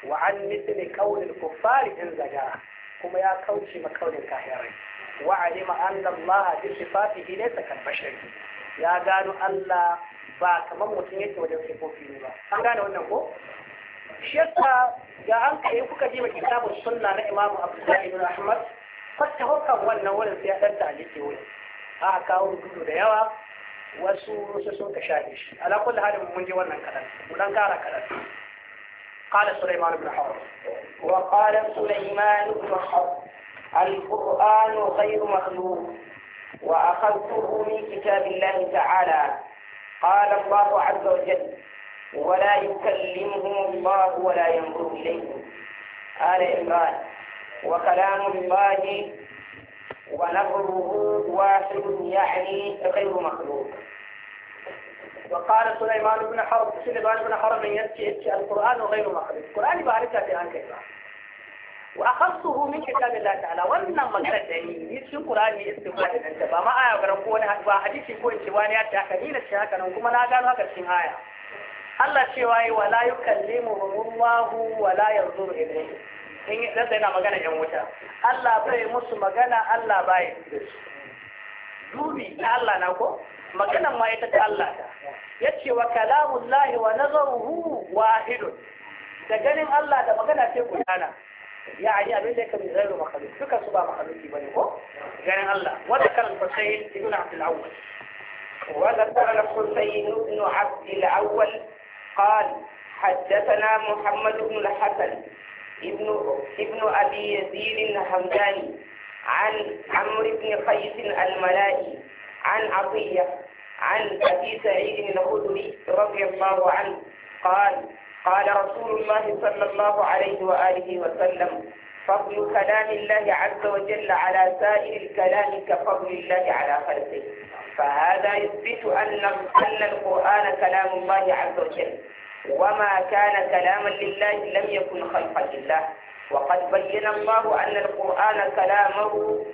wa an misli kaulil kuffari in zaga kuma ya kauce ma kaulin kahirai wa alima anna Allah bi sifatihi laysa kal bashari ya gano Allah ba kamar mutum yake wajen sifofi ne ba an gane wannan ko shi yasa ga an kai kuka ji kitabun sunna na Imam Abdullah ibn Ahmad fatta hukan wannan wurin sai ya dan talike wurin a kawo rubutu da yawa wasu wasu sun ka shafe shi ala kulli halin mun je wannan kadan mu dan kara kadan قال سليمان بن حرب وقال سليمان بن حرب القرآن غير مخلوق وأخذته من كتاب الله تعالى قال الله عز وجل ولا يكلمهم الله ولا ينظر إليهم آل عمران وكلام الله ونظره واحد يعني غير مخلوق وقال سليمان بن حرب سليمان بن حرب يبكي القرآن غير مخلوق القرآن بعرفة في أنك wa akhadtuhu min kitabillahi ta'ala wannan magana da ni ni cikin qur'ani istighfar da ta ba ma aya garan ko wani ba hadisi ko in ce wani ta haka ni shi haka nan kuma na gano haka aya Allah cewa yi wala yukallimuhum Allah wala yanzuru ilayhi in da yana magana yan wuta Allah bai musu magana Allah bai dubi ta Allah na ko maganan ma ita ta Allah ta yace wa kalamullahi wa nazaruhu wahidun da ganin Allah da magana sai gudana يعني abin da yake mai zairu makhluki duka su ba makhluki bane ko ganin Allah wanda kan Husayn ibn Abd al-Awwal wanda kan Husayn ibn Abd al-Awwal قال حدثنا محمد بن الحسن ابن ابن ابي يزيد الهمداني عن عمرو بن قيس الملائي عن عطيه عن ابي سعيد الخدري رضي الله عنه قال قال رسول الله صلى الله عليه وآله وسلم فضل كلام الله عز وجل على سائر الكلام كفضل الله على خلقه فهذا يثبت أن أن القرآن كلام الله عز وجل وما كان كلاما لله لم يكن خلقا لله وقد بين الله أن القرآن كلامه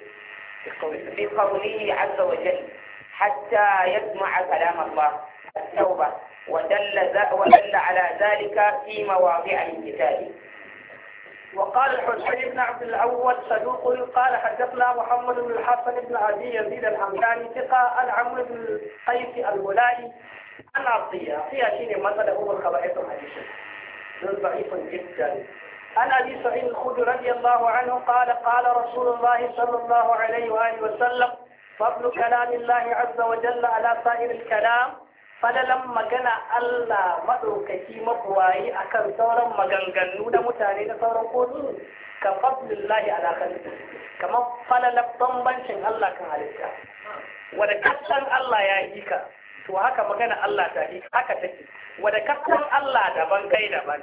بقوله عز وجل حتى يسمع كلام الله التوبة ودل, ودل على ذلك في مواضع الكتاب وقال الحسين بن عبد الأول صدوق قال حدثنا محمد بن الحسن بن أبي يزيد الحمداني ثقة عن عمرو بن القيس الولائي عن عطية عطية شيني مثلا هو الخبائث الحديث ضعيف جدا عن أبي سعيد الخدري رضي الله عنه قال قال رسول الله صلى الله عليه وآله وسلم فضل كلام الله عز وجل على سائر الكلام fadalan magana Allah maɗaukaki mabuwayi akan sauran maganganu na mutane da sauran kotu ka lahi ala khalqi kamar fadalan bambancin Allah kan halitta wadda kasan Allah ya yi ka to haka magana Allah ta yi haka take wadda kasan Allah daban kai daban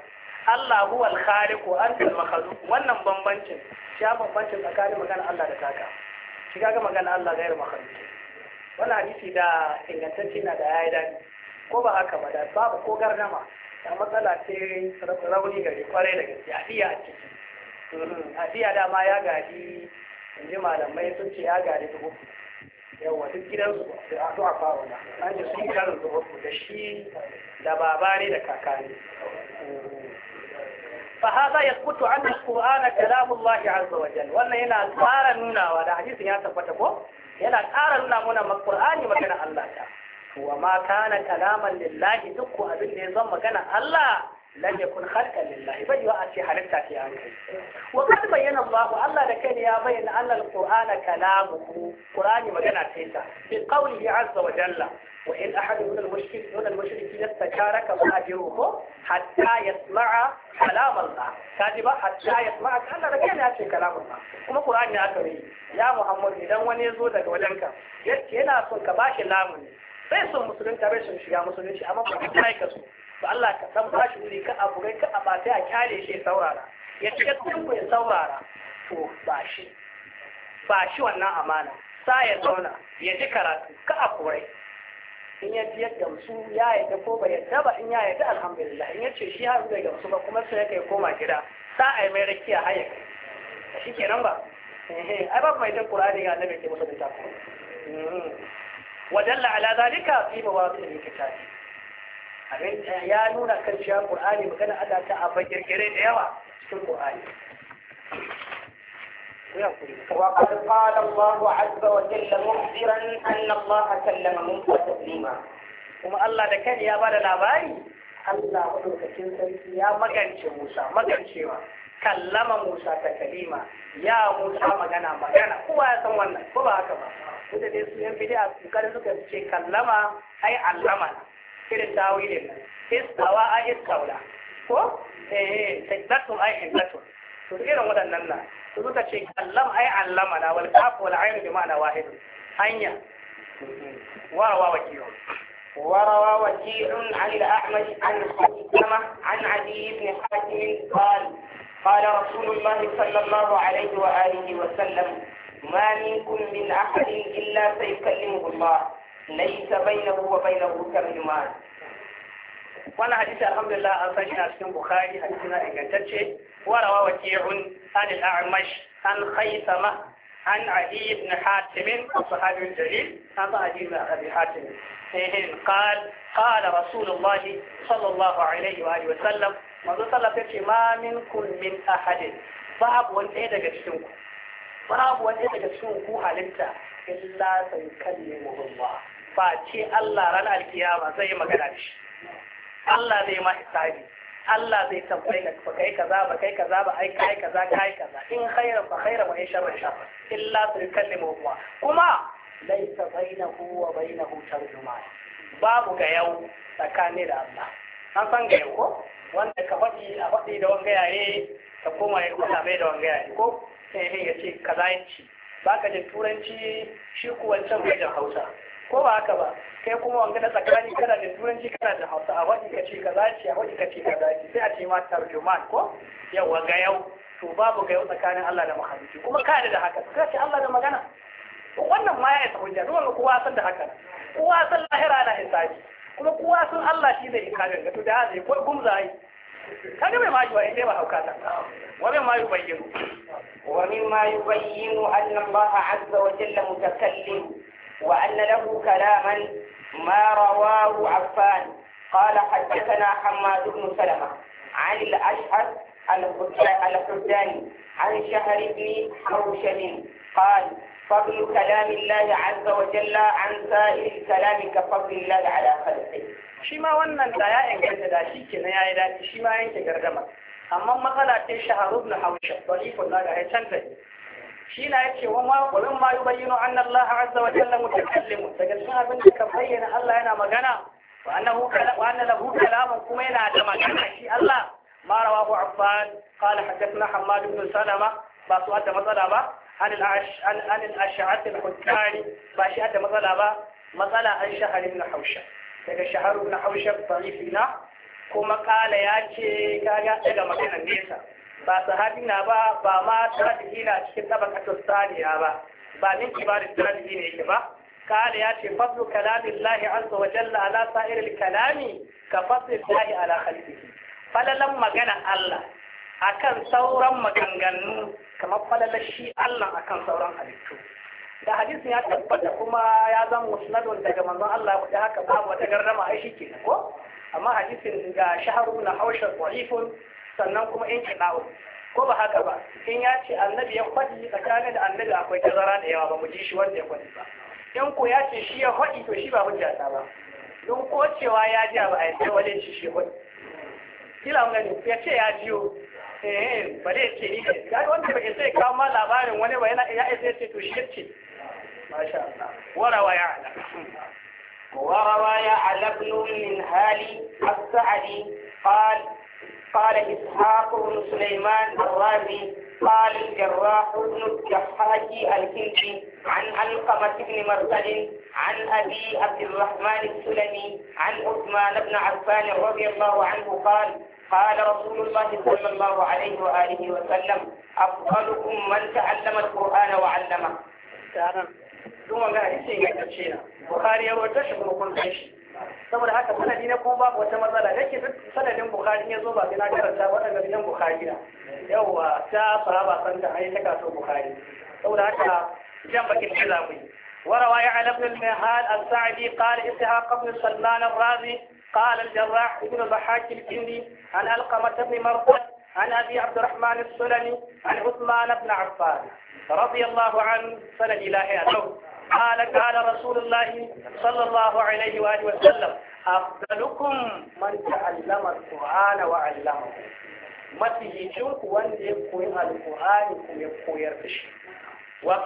Allah huwal khaliqu antal makhluq wannan bambancin ya bambancin tsakanin magana Allah da taka shi kaga magana Allah gairu makhluq wannan hadisi da ingantacce na da yayi dani ko ba haka ba da babu ko gardama da matsala ce rauni gari kwarai da gaske hadiya a ciki hadiya dama ya gadi in ji malamai sun ce ya gadi dubu yawa duk gidansu da a zuwa faru na an ji sun da dubu da shi da babare da kakani فهذا يثبت أن القرآن كلام الله عز وجل وأن هنا قارنونا وهذا حديث يا تفتكو هنا قارنونا من qurani magana الله تعالى wa ma kana kalaman lillahi duk abin da ya zama magana Allah lam yakun khalqan lillahi bai wa ce halitta ce an kai wa kad bayyana Allah Allah da kai ya bayyana annal qur'ana kalamuhu qur'ani magana ce ta bi qawlihi azza wa jalla wa in ahad min al-mushrik min al-mushriki yastakaraka fa ajruhu hatta yasma'a kalam Allah kaji ba hatta yasma'a Allah da kai ya ce kuma ya idan wani ya zo daga wajenka yace yana son ka bashi lamuni bai son musulunta bai sun shiga musulunci amma ba ka aika su so to Allah ka san ba shi ne ka abu ka a bata a kyale shi ya saurara ya ce ku ya saurara to ba shi ba shi wannan amana sa ya zauna ya ji karatu ka a kurai in ya ji yadda su ya yadda ko bai yadda ba in ya yadda alhamdulillah in ya ce shi har bai gamsu ba kuma sai kai koma gida sa a yi mai rakiya har shi kenan ba ai babu mai jin qur'ani ga annabi ke musulunta ko hmm. ودل على ذلك في مواطن الكتاب أبين يا نونا كل شيء قرآني مكان على تعب جرجرين يا ما كل قرآني وقد قال الله عز وجل مخبرا أن الله سلم منك تسليما وما الله ذكر يا بدر لا باي الله كل شيء يا مكان شموسا مكان شيوه kallama Musa ta kalima ya Musa magana magana kowa ya san wannan ko ba haka ba kuma dai su yan bid'a su kare suka ce kallama ai allama irin tawilin nan istawa ai istawla ko eh sajdatun ai sajdatun to irin wadannan na su suka ce kallam ai allama na wal kafu wal ainu bi ma'ana wahidu hanya wa wakiyo وروى وكيع عن الأحمد عن حكمة عن عدي بن حاتم قال قال رسول الله صلى الله عليه وآله وسلم ما منكم من أحد إلا سيكلمه الله ليس بينه وبينه ترجمان وانا حديث الحمد لله أن سجنا في بخاري حديثنا إن كنتشي وروى وكيع عن الأعمش عن خيثمة عن علي بن حاتم الصحابي الجليل عن علي بن أبي حاتم قال قال رسول الله صلى الله عليه وآله وسلم manzo sallallahu alaihi wasallam ma minkum min ahadin babu wani ɗaya daga cikin ku babu wani daga cikin ku halitta illa sai kallimu Allah fa ce Allah ran alkiyama zai magana da shi Allah zai ma isabi Allah zai tambaye ka ba kai kaza ba kai kaza ba ai kai kaza kai kaza in khairan ba khairan wa in sharran sharra illa sai kallimu Allah kuma laisa bainahu wa bainahu tarjuma babu ga yau tsakani da Allah an san ga yau ko wanda ka faɗi a faɗi da wanga yare ka koma ya kusa mai da wanga yare ko sai ne ya ce zayanci ba ka jin turanci shi kuwa wancan bai jin hausa ko ba haka ba kai kuma wanga na tsakani kana da turanci kana da hausa a waɗi ka ce ka zayanci a waɗi ka ce ka zayanci sai a ce ma tarjuman ko Yau wanga yau to babu ga yau tsakanin Allah da mahalici kuma ka da haka ka ce Allah da magana wannan ma ya isa hujja duk wanda kowa san da haka kowa san lahira na hisabi kuma kowa sun Allah shi zai inkarin ga to da zai ko gumza yi kaga bai mayu ai sai ba hauka ta wa bai mayu bayyinu wa mimma yubayyinu anna Allah azza wa jalla mutakallim wa anna lahu kalaman ma rawahu Affan قال حدثنا حماد بن سلمة عن الأشعث الحجاني عن شهر بن حوشب قال فضل كلام الله عز وجل عن سائر الكلام كفضل الله على خلقه shi ma wannan da ya inganta da shi ke na yayi daɗi shi ma yanke gargama amma matsala ce shahararru na hausha dalifin na ga ya canza shi na yake wa ma qulun ma yubayyinu anna Allah azza wa jalla mutakallim daga cikin abin da kan bayyana Allah yana magana wa annahu wa anna lahu kalaman kuma yana da magana shi Allah ma rawahu Affan qala hadathna Hammad ibn Salama ba su da matsala ba an al'asha'atul hukari ba shi hada matsala ba matsala an shaharin na hausha daga shaharu na hausha tarifi na kuma kala ya ce kaga daga maganar nesa ba sahabi na ba ba ma tabi'i na cikin tabakatul saniya ba ba min kibarin tabi'i ne yake ba قال ياتي فضل كلام الله عز وجل على سائر الكلام كفضل الله على خلقه فللما قال الله akan sauran maganganu kamar falalar shi Allah akan sauran halittu da hadisin ya tabbata kuma ya zama musnadun daga manzon Allah kuɗi haka babu wata gardama ai shi ke ko amma hadisin ga shaharu na haushar dhaifun sannan kuma in kidawo ko ba haka ba in ya ce annabi ya kwaɗi tsakanin da annabi akwai tazara da yawa ba mu ji shi wanda ya kwaɗi ba in ko ya ce shi ya kwaɗi to shi ba hujja ta ba don ko cewa ya ji ba a yi sai wajen shi shi faɗi kila mun gani ya ce ya jiyo eh bare ya ce ni ne ga wanda bai sai kawo ma labarin wani ba yana ya isa ce to shi ce masha Allah wa ya'la وروى يعلى بن من هالي السعدي قال قال إسحاق بن سليمان الرازي قال الجراح بن الجحاج الكندي عن علقمة بن مرسل عن أبي عبد الرحمن السلمي عن عثمان بن عفان رضي الله عنه قال قال رسول الله صلى الله عليه وآله وسلم أفضلكم من تعلم القرآن وعلمه ثم قال شيء قد شيء بخاري يروي تشكر كل شيء saboda haka sanadi na ko babu wata matsala nake duk sanadin bukhari ya zo ba sai na karanta waɗanda biyan bukhari na yawa ta sahaba san ta ai ta kaso bukhari saboda haka jan bakin tilawi وروى على ابن المهال السعدي قال اسحاق بن سلمان الرازي قال الجراح بن ضحاك الكندي عن القمة بن مرقد عن أبي عبد الرحمن السلمي عن عثمان بن عفان رضي الله عنه سنة إلهي أنه قال قال رسول الله صلى الله عليه وآله وسلم أفضلكم من تعلم القرآن وعلمه mafihicinku wanda ya koyi alƙur'ani ko ya koyar da shi wa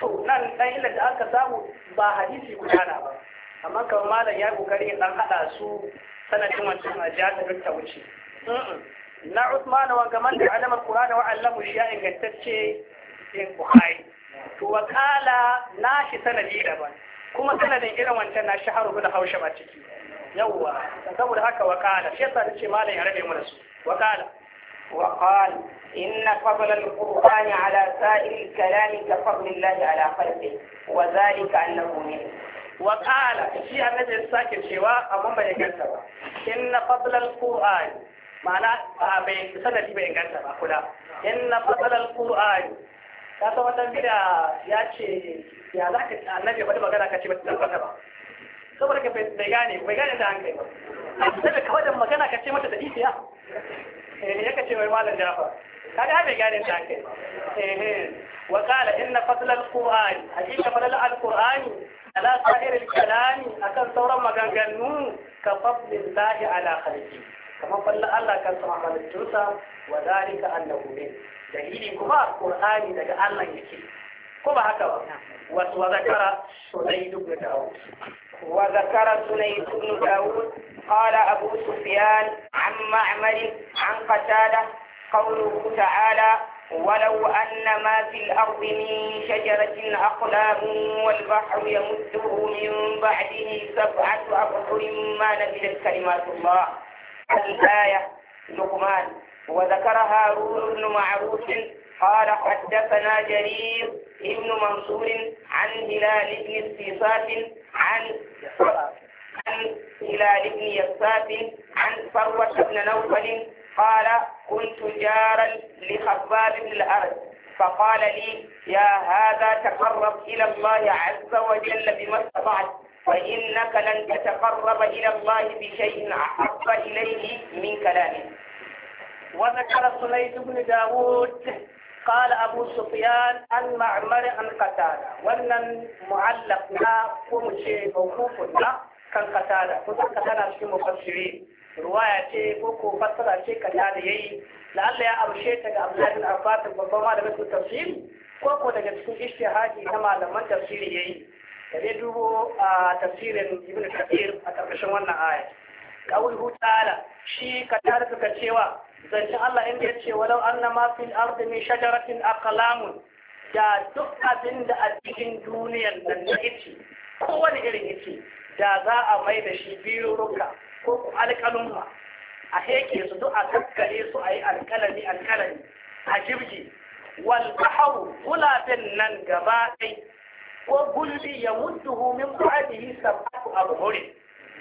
to nan dan illa da aka samu ba hadisi gudana ba amma kamar malam ya kokari ya dan hada su sanadin wancan ajiyar ta wuce na Usman wanga man da alamar Qur'ani wa allamu shi ya ingantacce in Bukhari to wa na shi sanadi daban kuma sanadin irin wancan na shaharu da hausha ba ciki yawwa saboda haka wa qala shi yasa nace malam ya rabe mu da su wa qala wa qala inna fadla al-Qur'ani ala sa'il kalami ka fadlillahi ala khalqihi wa dhalika annahu min wa qala shi annabi ya sake cewa amma bai inganta ba inna fadla alquran ma'ana bai sanadi bai inganta ba kula inna fadla alquran ka san wannan bida ya ce ya za ka annabi wani magana ka ce ba ta tabbata ba saboda ka bai gane bai gane da hankali ba a da kawai da magana ka ce mata da isiya eh ya ka ce wai malam jafa kaga bai gane da hankali eh wa qala inna fadla alquran hakika fadla alquran ala sa'irin kalami akan sauran maganganu ka fadlin lahi ala khalqi kamar falla Allah kan sama halittunsa wa dalika annahu min dalili kuma qur'ani daga Allah yake ko ba haka ba wasu wa zakara sunayd ibn daud wa zakara sunayd ibn daud qala abu sufyan an ma'mar an qatada qawluhu ta'ala ولو أن ما في الأرض من شجرة أقلام والبحر يمده من بعده سبعة أبحر ما نزلت كلمات الله الآية لقمان وذكر هارون بن معروف قال حدثنا جرير ابن منصور عن هلال بن الصيصات عن عن هلال بن يساف عن فروة بن نوفل قال كنت جارا لخباب بن الأرض فقال لي يا هذا تقرب إلى الله عز وجل بما استطعت فإنك لن تتقرب إلى الله بشيء أحب إليه من كلامه وذكر سليت بن داود قال أبو سفيان عن معمر عن قتادة ولن معلقنا كم شيء موقوفنا كان قتادة كنت قتادة في مفسرين ruwaya ce ko ko fassara ce kaza da yayi la'alla ya amshe ta ga Abdullahi bin Abbas babban malamin tafsir ko ko daga cikin ishtihadi na malaman tafsiri yayi da dai dubo a tafsirin Ibn Kathir a karkashin wannan aya qawluhu ala shi kaza suka cewa zancin Allah inda ya ce walau ma fil ardi min shajaratin aqlamun da duk abin da a cikin duniyar nan na ice kowane irin ice da za a mai da shi biyu ruka ko ku alƙalumma a heke su duk a takkare su a yi alƙalami alƙalami a jirgi wal baharu gulafin nan gaba ɗai ko gulbi ya mudduhu min ba'dihi sab'atu abhuri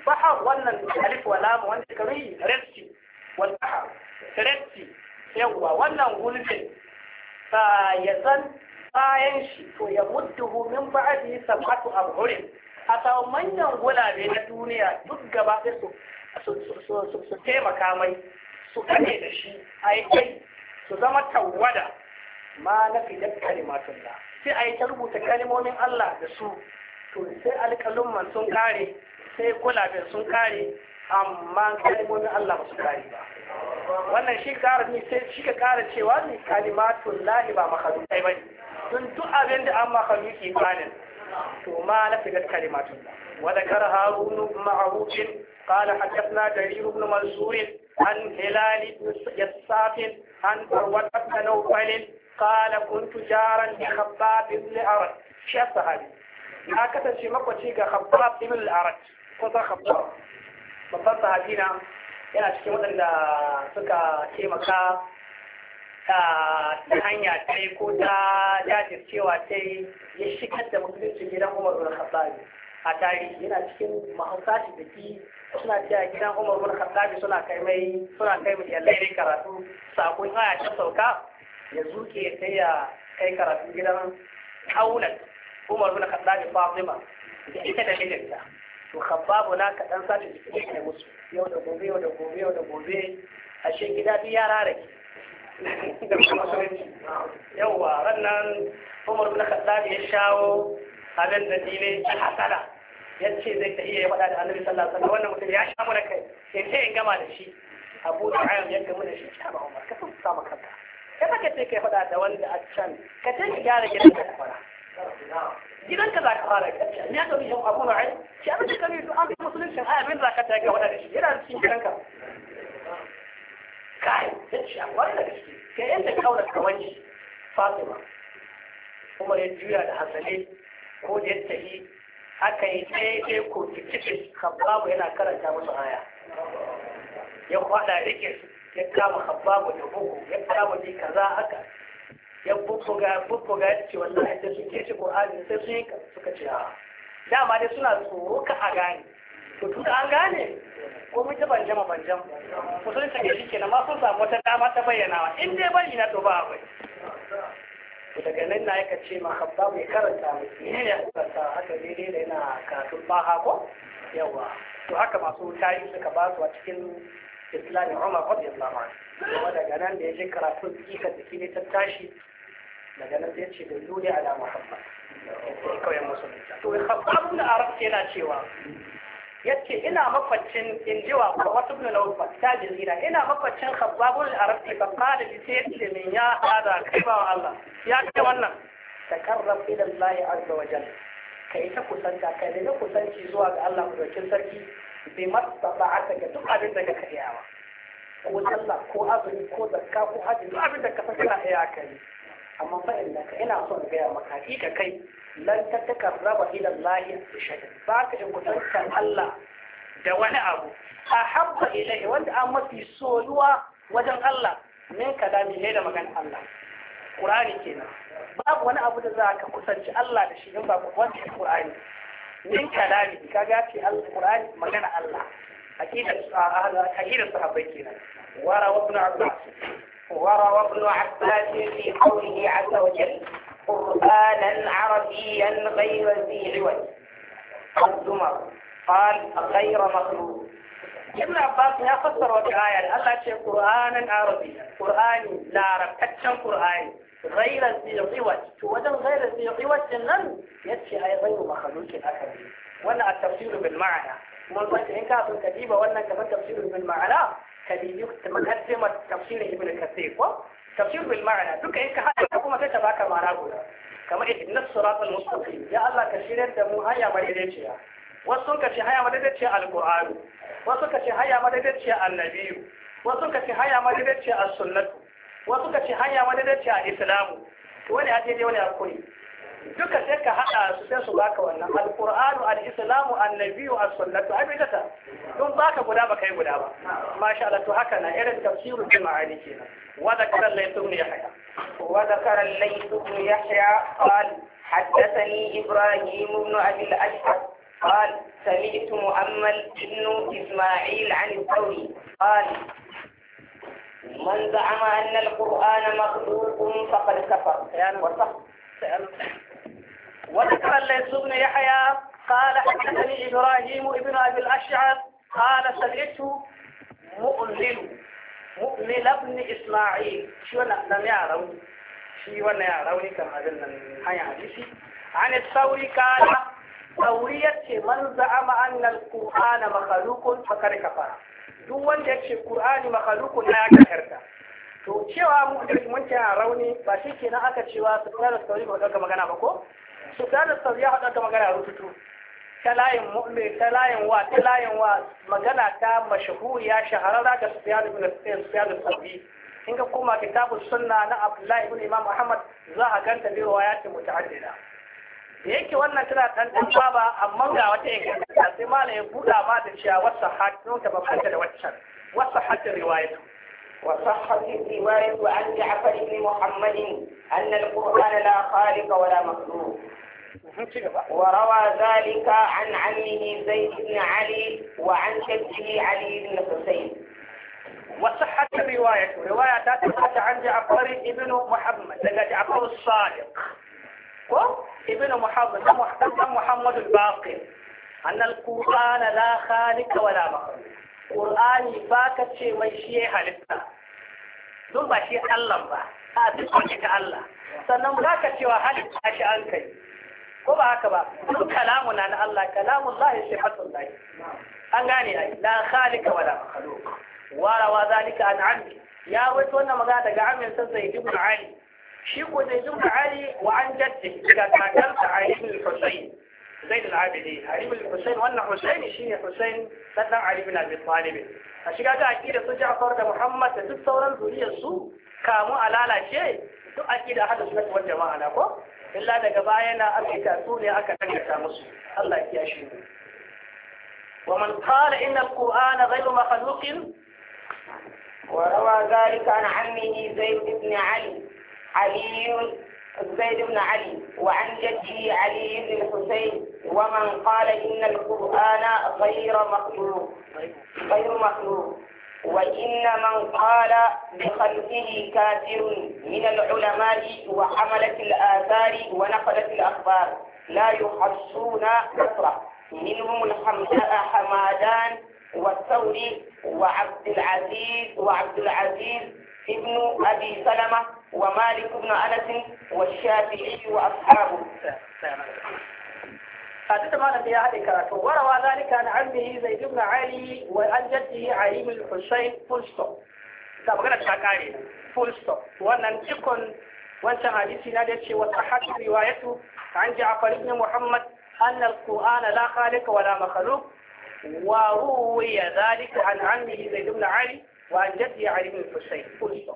bahar wannan alif wa lam wanda kare reski wal bahar reski yawa wannan gulbin ya zan bayan shi to ya mudduhu min ba'dihi sab'atu abhuri a samu manyan gulabe na duniya duk gaba sai su taimaka mai su kame da shi a kai su zama tawada ma na fidar kalimatun da sai a yi ta rubuta kalimomin Allah da su to sai man sun kare sai gulaben sun kare amma kalimomin Allah ba su kare ba wannan shi kara ni sai shi ka kara cewa ni kalimatun lahi ba makalukai ba ne don duk abin da an makaluki banin to ma nafidat kalimatun wa zakara harun ma'arufin qala hadathna jarir ibn mansur an hilal yasafin an warwat ibn nawfal qala kuntu jaran li khabbab ibn arad sha ya kasance makwaci ga khabbab ibn arad ko sa babban sahabi yana cikin waɗanda suka taimaka ta hanya ta yi ko ta jajircewa ta yi ya shigar da musulunci gidan umar bin khattabi a tarihi yana cikin mahausa shi da ki suna cewa gidan umar bin khattabi suna kai mai suna kai mai yallai karatu sakon haya ta sauka ya zuke ta ya kai karatu gidan kaunar umar bin khattabi fatima da ita da mijinta to khabbabu na kaɗan sace cikin musu yau da gobe yau da gobe yau da gobe ashe gida biyu ya rarake da musulunci yawa rannan umar bin khattab ya shawo abin da dine ta hasala yace zai ta iya faɗa da annabi sallallahu alaihi wasallam wannan mutum ya sha mana kai sai sai in gama da shi abu da ayyam ya gama da shi ta ba umar ka san sa maka ka kai kake sai kai faɗa da wanda a can ka tafi gyara gidan ka fara gidan ka za ka fara gaskiya ya ga bishan abu na ai shi abin da kare su an musulunci ai abin za ka ta ga wanda da shi yana cikin gidanka kayan sun sha kwarai da gaske ta yadda kaunar wani fatima kuma ya juya da hasale ko da yadda yi aka yi daidai ko tikitin habbabu yana karanta musu aya. ya kwada rike ya kama habbabu da bugu ya kama ni kaza haka ya bubbuga bubbuga ya ce wannan yadda suke ci ko sai sun yi suka ce a dama dai suna tsoro ka a gane to tunda an gane ko mun ta banje ma banjan musulunci ne shi kenan ma sun samu wata dama ta bayyanawa in dai bari na to ba akwai to daga nan na yaka ce ma habba mai karanta mai ne ya karanta haka daidai da yana karatun baha ko yawa to haka masu tarihi suka ba su a cikin islamin umar radiyallahu anhu kuma daga nan da ya je karatun tsika jiki ne ta tashi daga nan sai ce dole ala muhammad kawai musulunci. to habba da arab yana cewa yace ina mafaccin injiwa ko wasu ibn lawfa ta jazira ina mafaccin khabbabul arabi fa qala bi sayyidi min ya hada ba wa Allah ya ce wannan takarrab ila Allah azza wa jalla kai ta kusanta kai da kusanci zuwa ga Allah dokin sarki ba aka ga duk abin da ka ba. ko sallah ko azumi ko zakka ko hajji duk abin da ka san kana kai amma fa'in da ka ina son ga maka hakika kai lan ta takarraba ila Allah ya shay'in ba ka in kusantar Allah da wani abu a habba ilai wanda an mafi soyuwa wajen Allah min dami ne da magana Allah Qur'ani kenan babu wani abu da za ka kusanci Allah da shi in ba wanda Qur'ani min dami ka ce Al-Qur'ani magana Allah a aqidar sahabbai kenan wara wa ibn Abbas wara wa ibn da fi kawai 'azza wa jalla قرآنا عربيا غير ذي عوج الزمر قال غير مخلوق ابن عباس يا فسر وبآية الله شيء قرآنا عربيا قرآن لا عرب كتشن قرآن غير ذي عوج وجن غير ذي عوج لن يتشي أي غير مخلوق أكبر ولا التفسير بالمعنى والله إن كان ka ولا kadiba wannan kamar tafsirin bin ma'ana kadibi kamar tafsirin tafsir bil ma'ana duka in ka haɗa kuma sai ta baka ma'ana guda kamar ihdinas siratal mustaqim ya Allah ka shiryar da mu hanya madaidaiciya wasu sun kace haya al alqur'ani wasu sun kace haya madaidaiciya annabi wasu sun kace haya madaidaiciya as-sunnah wasu sun kace haya madaidaiciya islamu to wani aje ne wani akuri duka sai ka haɗa su sai su baka wannan alƙur'anu al-islamu annabiyu as-sunnatu ai bidata dun baka guda baka yi guda ba masha Allah to haka na irin tafsirul jama'ani kenan wa zakara laytun yahya wa zakara laytun yahya qal حدثني إبراهيم بن أبي الأشهر قال سمعت مؤمل بن إسماعيل عن الثوري قال من زعم أن القرآن مخلوق فقد كفر يعني وصح وذكر الليث بن يحيى قال حدثني إبراهيم ابن أبي الأشعر قال سمعت مؤلل مؤلل ابن إسماعيل شو لم يعرف شي وانا يعروني كما قلنا هاي حديثي عن الثوري قال ثورية من زعم أن القرآن مخلوق فقد كفر duk wanda ya ce Qur'ani makhluqun ya kakarta to cewa mu da mun ta rauni ba shi kenan aka cewa su fara sauri ba daga magana ba ko su da sau ya haɗa ta magana rututu ta layin mu'min ta layin wa ta layin wa magana ta mashahuriya shahararra ga sufyan ibn sufyan sauri in ka koma kitabu sunna na abdullahi ibn imam Muhammad za a ganta bi riwayati muta'addida da yake wannan tana dan dan baba amma ga wata inganta sai malam ya buɗa ma da cewa wasu hatta ta bambanta da waccan wasu hatta riwayatu وصحت الرواية عن جعفر بن محمد أن القرآن لا خالق ولا مخلوق وروى ذلك عن عمه زيد بن علي وعن شبه علي بن الحسين وصحت الرواية رواية تثبت عن جعفر بن محمد لقى جعفر الصادق ابن محمد محمد الباقر أن القرآن لا خالق ولا مخلوق Ƙur'ani يفاكت شيء ce mai don ba shi Allah ba a duk wani ta Allah sannan za ka cewa halin tashi an kai ko ba haka ba duk kalamu na na Allah kalamun lahi sifatun lahi an gane ai la khaliqa wala makhluq warawa zalika an ammi ya wato wannan magana daga amin sa zaid ibn ali shi ko zaid ibn ali wa an jaddi daga kakansa ali ibn husayn زين العابدين علي بن الحسين وأن حسين شين حسين بدل علي بن أبي طالب أشي قاعد أكيد صجع صورة محمد تدب صورة البولية سو كامو على على شيء تو أكيد أحد السنة والجماعة لكو إلا انا أبي تأتوني أكاد أكاد مصر الله يكي أشهد ومن قال إن القرآن غير مخلوق وروى ذلك عن عمه زيد بن علي علي زيد بن علي وعن جده علي بن الحسين ومن قال إن القرآن غير مخلوق غير مخلوق وإن من قال بخلقه كافر من العلماء وحملة الآثار ونقلة الأخبار لا يحصون كثرة منهم الحمدان والثوري وعبد العزيز وعبد العزيز ابن أبي سلمة ومالك بن أنس والشافعي وأصحابه حدث معنا في هذه الكرات وروى ذلك عن عمه زيد بن علي وعن جده علي بن الحسين فلسطو طب غير فول فلسطو وانا نتكن وانت حديث نادش وصحت روايته عن جعفر بن محمد أن القرآن لا خالق ولا مخلوق وروي ذلك عن عمه زيد بن علي وعن جده علي بن الحسين فلسطو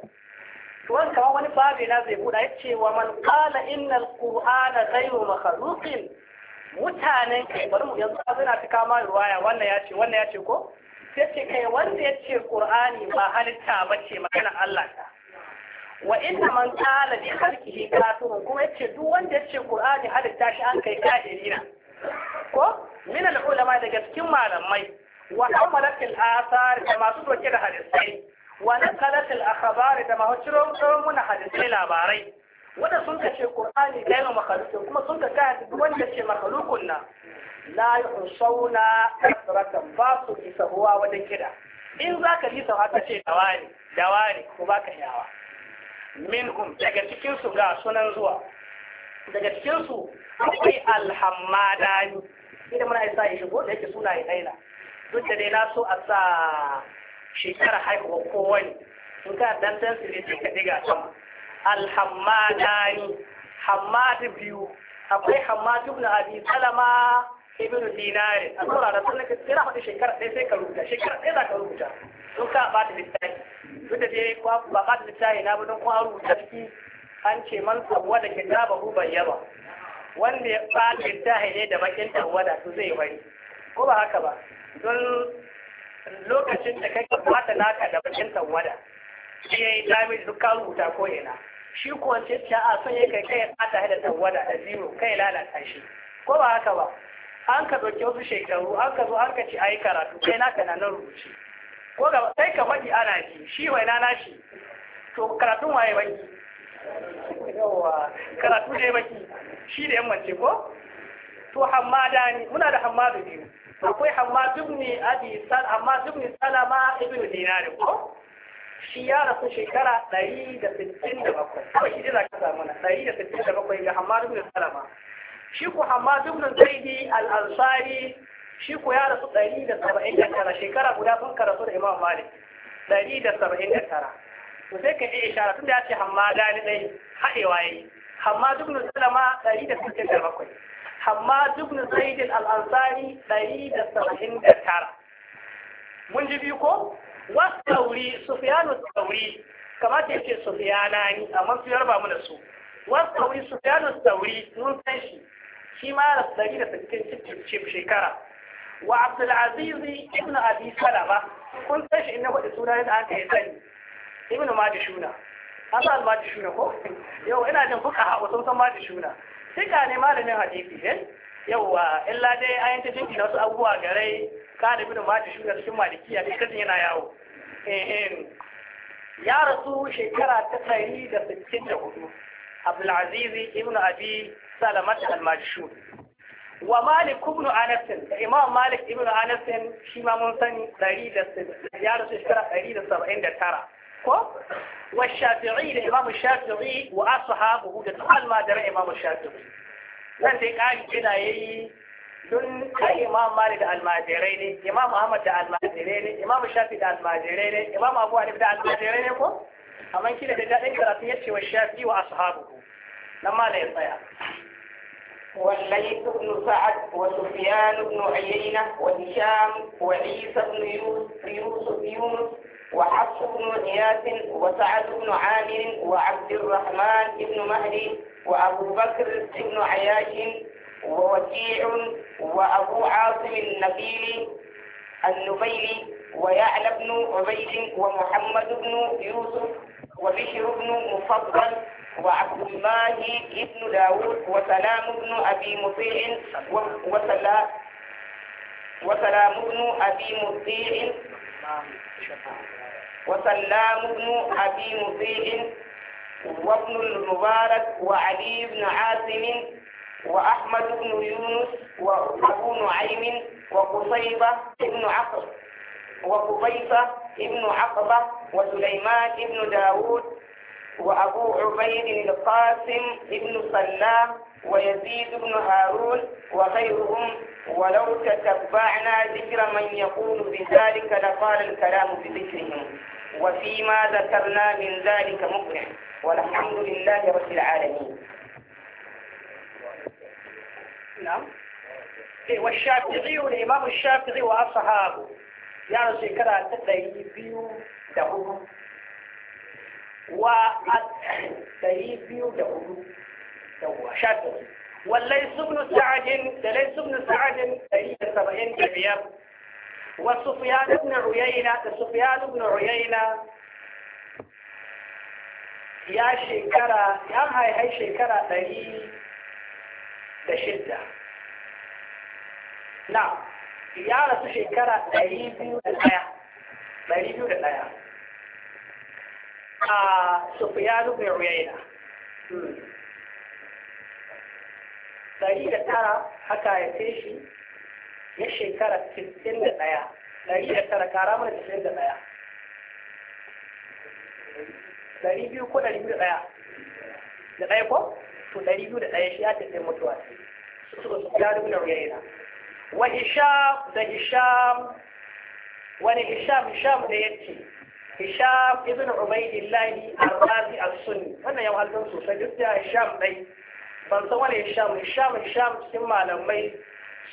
shuwan kama wani babu na zai buɗa ya ce wa man kala innal qur'ana ghayru makhluqin mutanen kai bari mu yanzu azina ta kama ruwaya wannan ya ce wannan ya ce ko sai ce kai wanda ya ce qur'ani ba halitta ba ce magana Allah ta wa inna man kala bi khalqihi kafirun kuma ya ce duk wanda ya ce qur'ani halitta shi an kai kafiri na ko min al ulama daga cikin malamai wa hamalatil asar da masu doke da hadisai wani kalatil akhbari da mahauciro tsoron muna hadisai labarai wanda sun kace qur'ani gairu makhluqin kuma sun ka kai duk wanda ce makhluqun na la yuhsawna kasratan ba su isa huwa wajen kida in zaka yi sau haka ce dawani dawani ko baka yawa minhum daga cikin su ga sunan zuwa daga cikin su akwai alhammadani idan muna isa ya shigo da yake suna ya daina duk da dai na so a sa shekara haihuwa kowane in ka su ne sai ka diga sama alhammadani hammadu biyu akwai hammadu ibn abi salama ibn dinari a da sun ka tsira hudu shekara ɗaya sai ka rubuta shekara ɗaya za ka rubuta sun ka ba da littafi duk da dai ba ba da littafi na ba don kuma rubuta ciki an ce man sabuwa da ku hu bayyaba wanda ya ba littafi ne da bakin tawada su zai bari ko ba haka ba don lokacin da kai kamata naka da bakin tawada shi yayi damage duk ka rubuta ko ina shi ko ce ta a son yake kai ya ta da tawada da zero kai lalata shi ko ba haka ba an ka ɗauki wasu shekaru an ka zo an ka ci ayi karatu kai naka na nan rubuce ko ga sai ka faɗi ana ji shi wai na nashi to karatun waye baki yawa karatu ne baki shi da mace ko to hamada ne muna da hamada biyu akwai Hammad ibn Abi Sal Hammad ibn Salama ibn Dinar ko shi ya rasu shekara 167 kawai shi da ka samu na 167 ga Hammad ibn Salama shi ko Hammad ibn Zaidi al-Ansari shi ko ya rasu 179 shekara guda sun karasu da Imam Malik 179 to sai ka yi ishara tunda ya ce Hammada ne dai haɗewa yayi amma ibn Salama 167 Hammad ibn Zaid al-Ansari ɗari da saba'in da tara mun ji biyu ko wasu tauri sufiyanu tauri kamata ya ce sufiyana ni amma su yarba mu da su wasu tauri sufiyanu tauri mun san shi shi ma da ɗari da sakin cikin shekara wa abdulaziz ibn abi salama kun san shi inda kwaɗi suna da aka yi sani ibn majishuna an san majishuna ko yau ina jin fuka haƙo sun san majishuna sai ne malamin hadisi eh yawwa illa dai an ta jinki wasu abubuwa garai ka da bin ma da shugar cikin malikiya dai kazin yana yawo ya rasu shekara ta ɗari da sittin da hudu abdulazizi ibn abi salamat al-majshur wa malik ibn anas da imam malik ibn anas shi ma mun sani ɗari da ya rasu shekara ɗari da saba'in da tara ko wa shafi'i da imam shafi'i wa ashabuhu da duk almajiran imam shafi'i nan sai ƙari kina yayi tun kai imam malik da almajirai ne imam ahmad da almajirai ne imam shafi da almajirai ne imam abu hanif da almajirai ne ko amma kila da daɗin karatu yace wa shafi wa ashabuhu nan ma da ya tsaya والليث بن سعد وسفيان بن عيينة وهشام وعيسى بن يوسف يونس وحفص بن غياث وسعد بن عامر وعبد الرحمن بن مهدي وأبو بكر بن عياش ووكيع وأبو عاصم النبيل النبيلي ويعلى بن عبيد ومحمد بن يوسف وبشر بن مفضل وعبد الله بن داود وسلام بن أبي مطيع وسلام وسلام بن أبي مطيع وسلام بن أبي مطيع وابن المبارك وعلي بن عاصم وأحمد بن يونس وأبو نعيم وقصيبة بن عقب وقبيصة بن عقبة وسليمان بن داود وأبو عبيد القاسم بن صلاح ويزيد بن هارون وغيرهم ولو تتبعنا ذكر من يقول بذلك لقال الكلام بذكرهم وفيما ذكرنا من ذلك مقنع والحمد لله رب العالمين نعم إيه، والشافعي الإمام الشافعي وأصحابه يعني كذا تدعي بيو دهو و تدعي بيو دهو شافعي والليث بن سعد وليس بن سعد تقريبا سبعين كبير وسفيان بن عيينة سفيان بن عيينة يا شكرا يا هاي هاي شكرا دهي بشدة نعم يا رس شكرا دهي بيو الآية دهي بيو آه سفيان بن عيينة ɗari da tara aka haife shi ya shekara sittin da ɗaya ɗari da tara kara mana sittin da ɗaya ɗari biyu ko ɗari biyu da ɗaya da ɗaya ko to ɗari biyu da ɗaya shi ya tafi mutuwa su suka su ya rubuta ruyaina wa hisham da hisham wani hisham hisham da yace hisham ibn ubaidillahi ar-razi as-sunni wannan yau halin sosai duk da hisham dai ban san wani hisham hisham hisham cikin malamai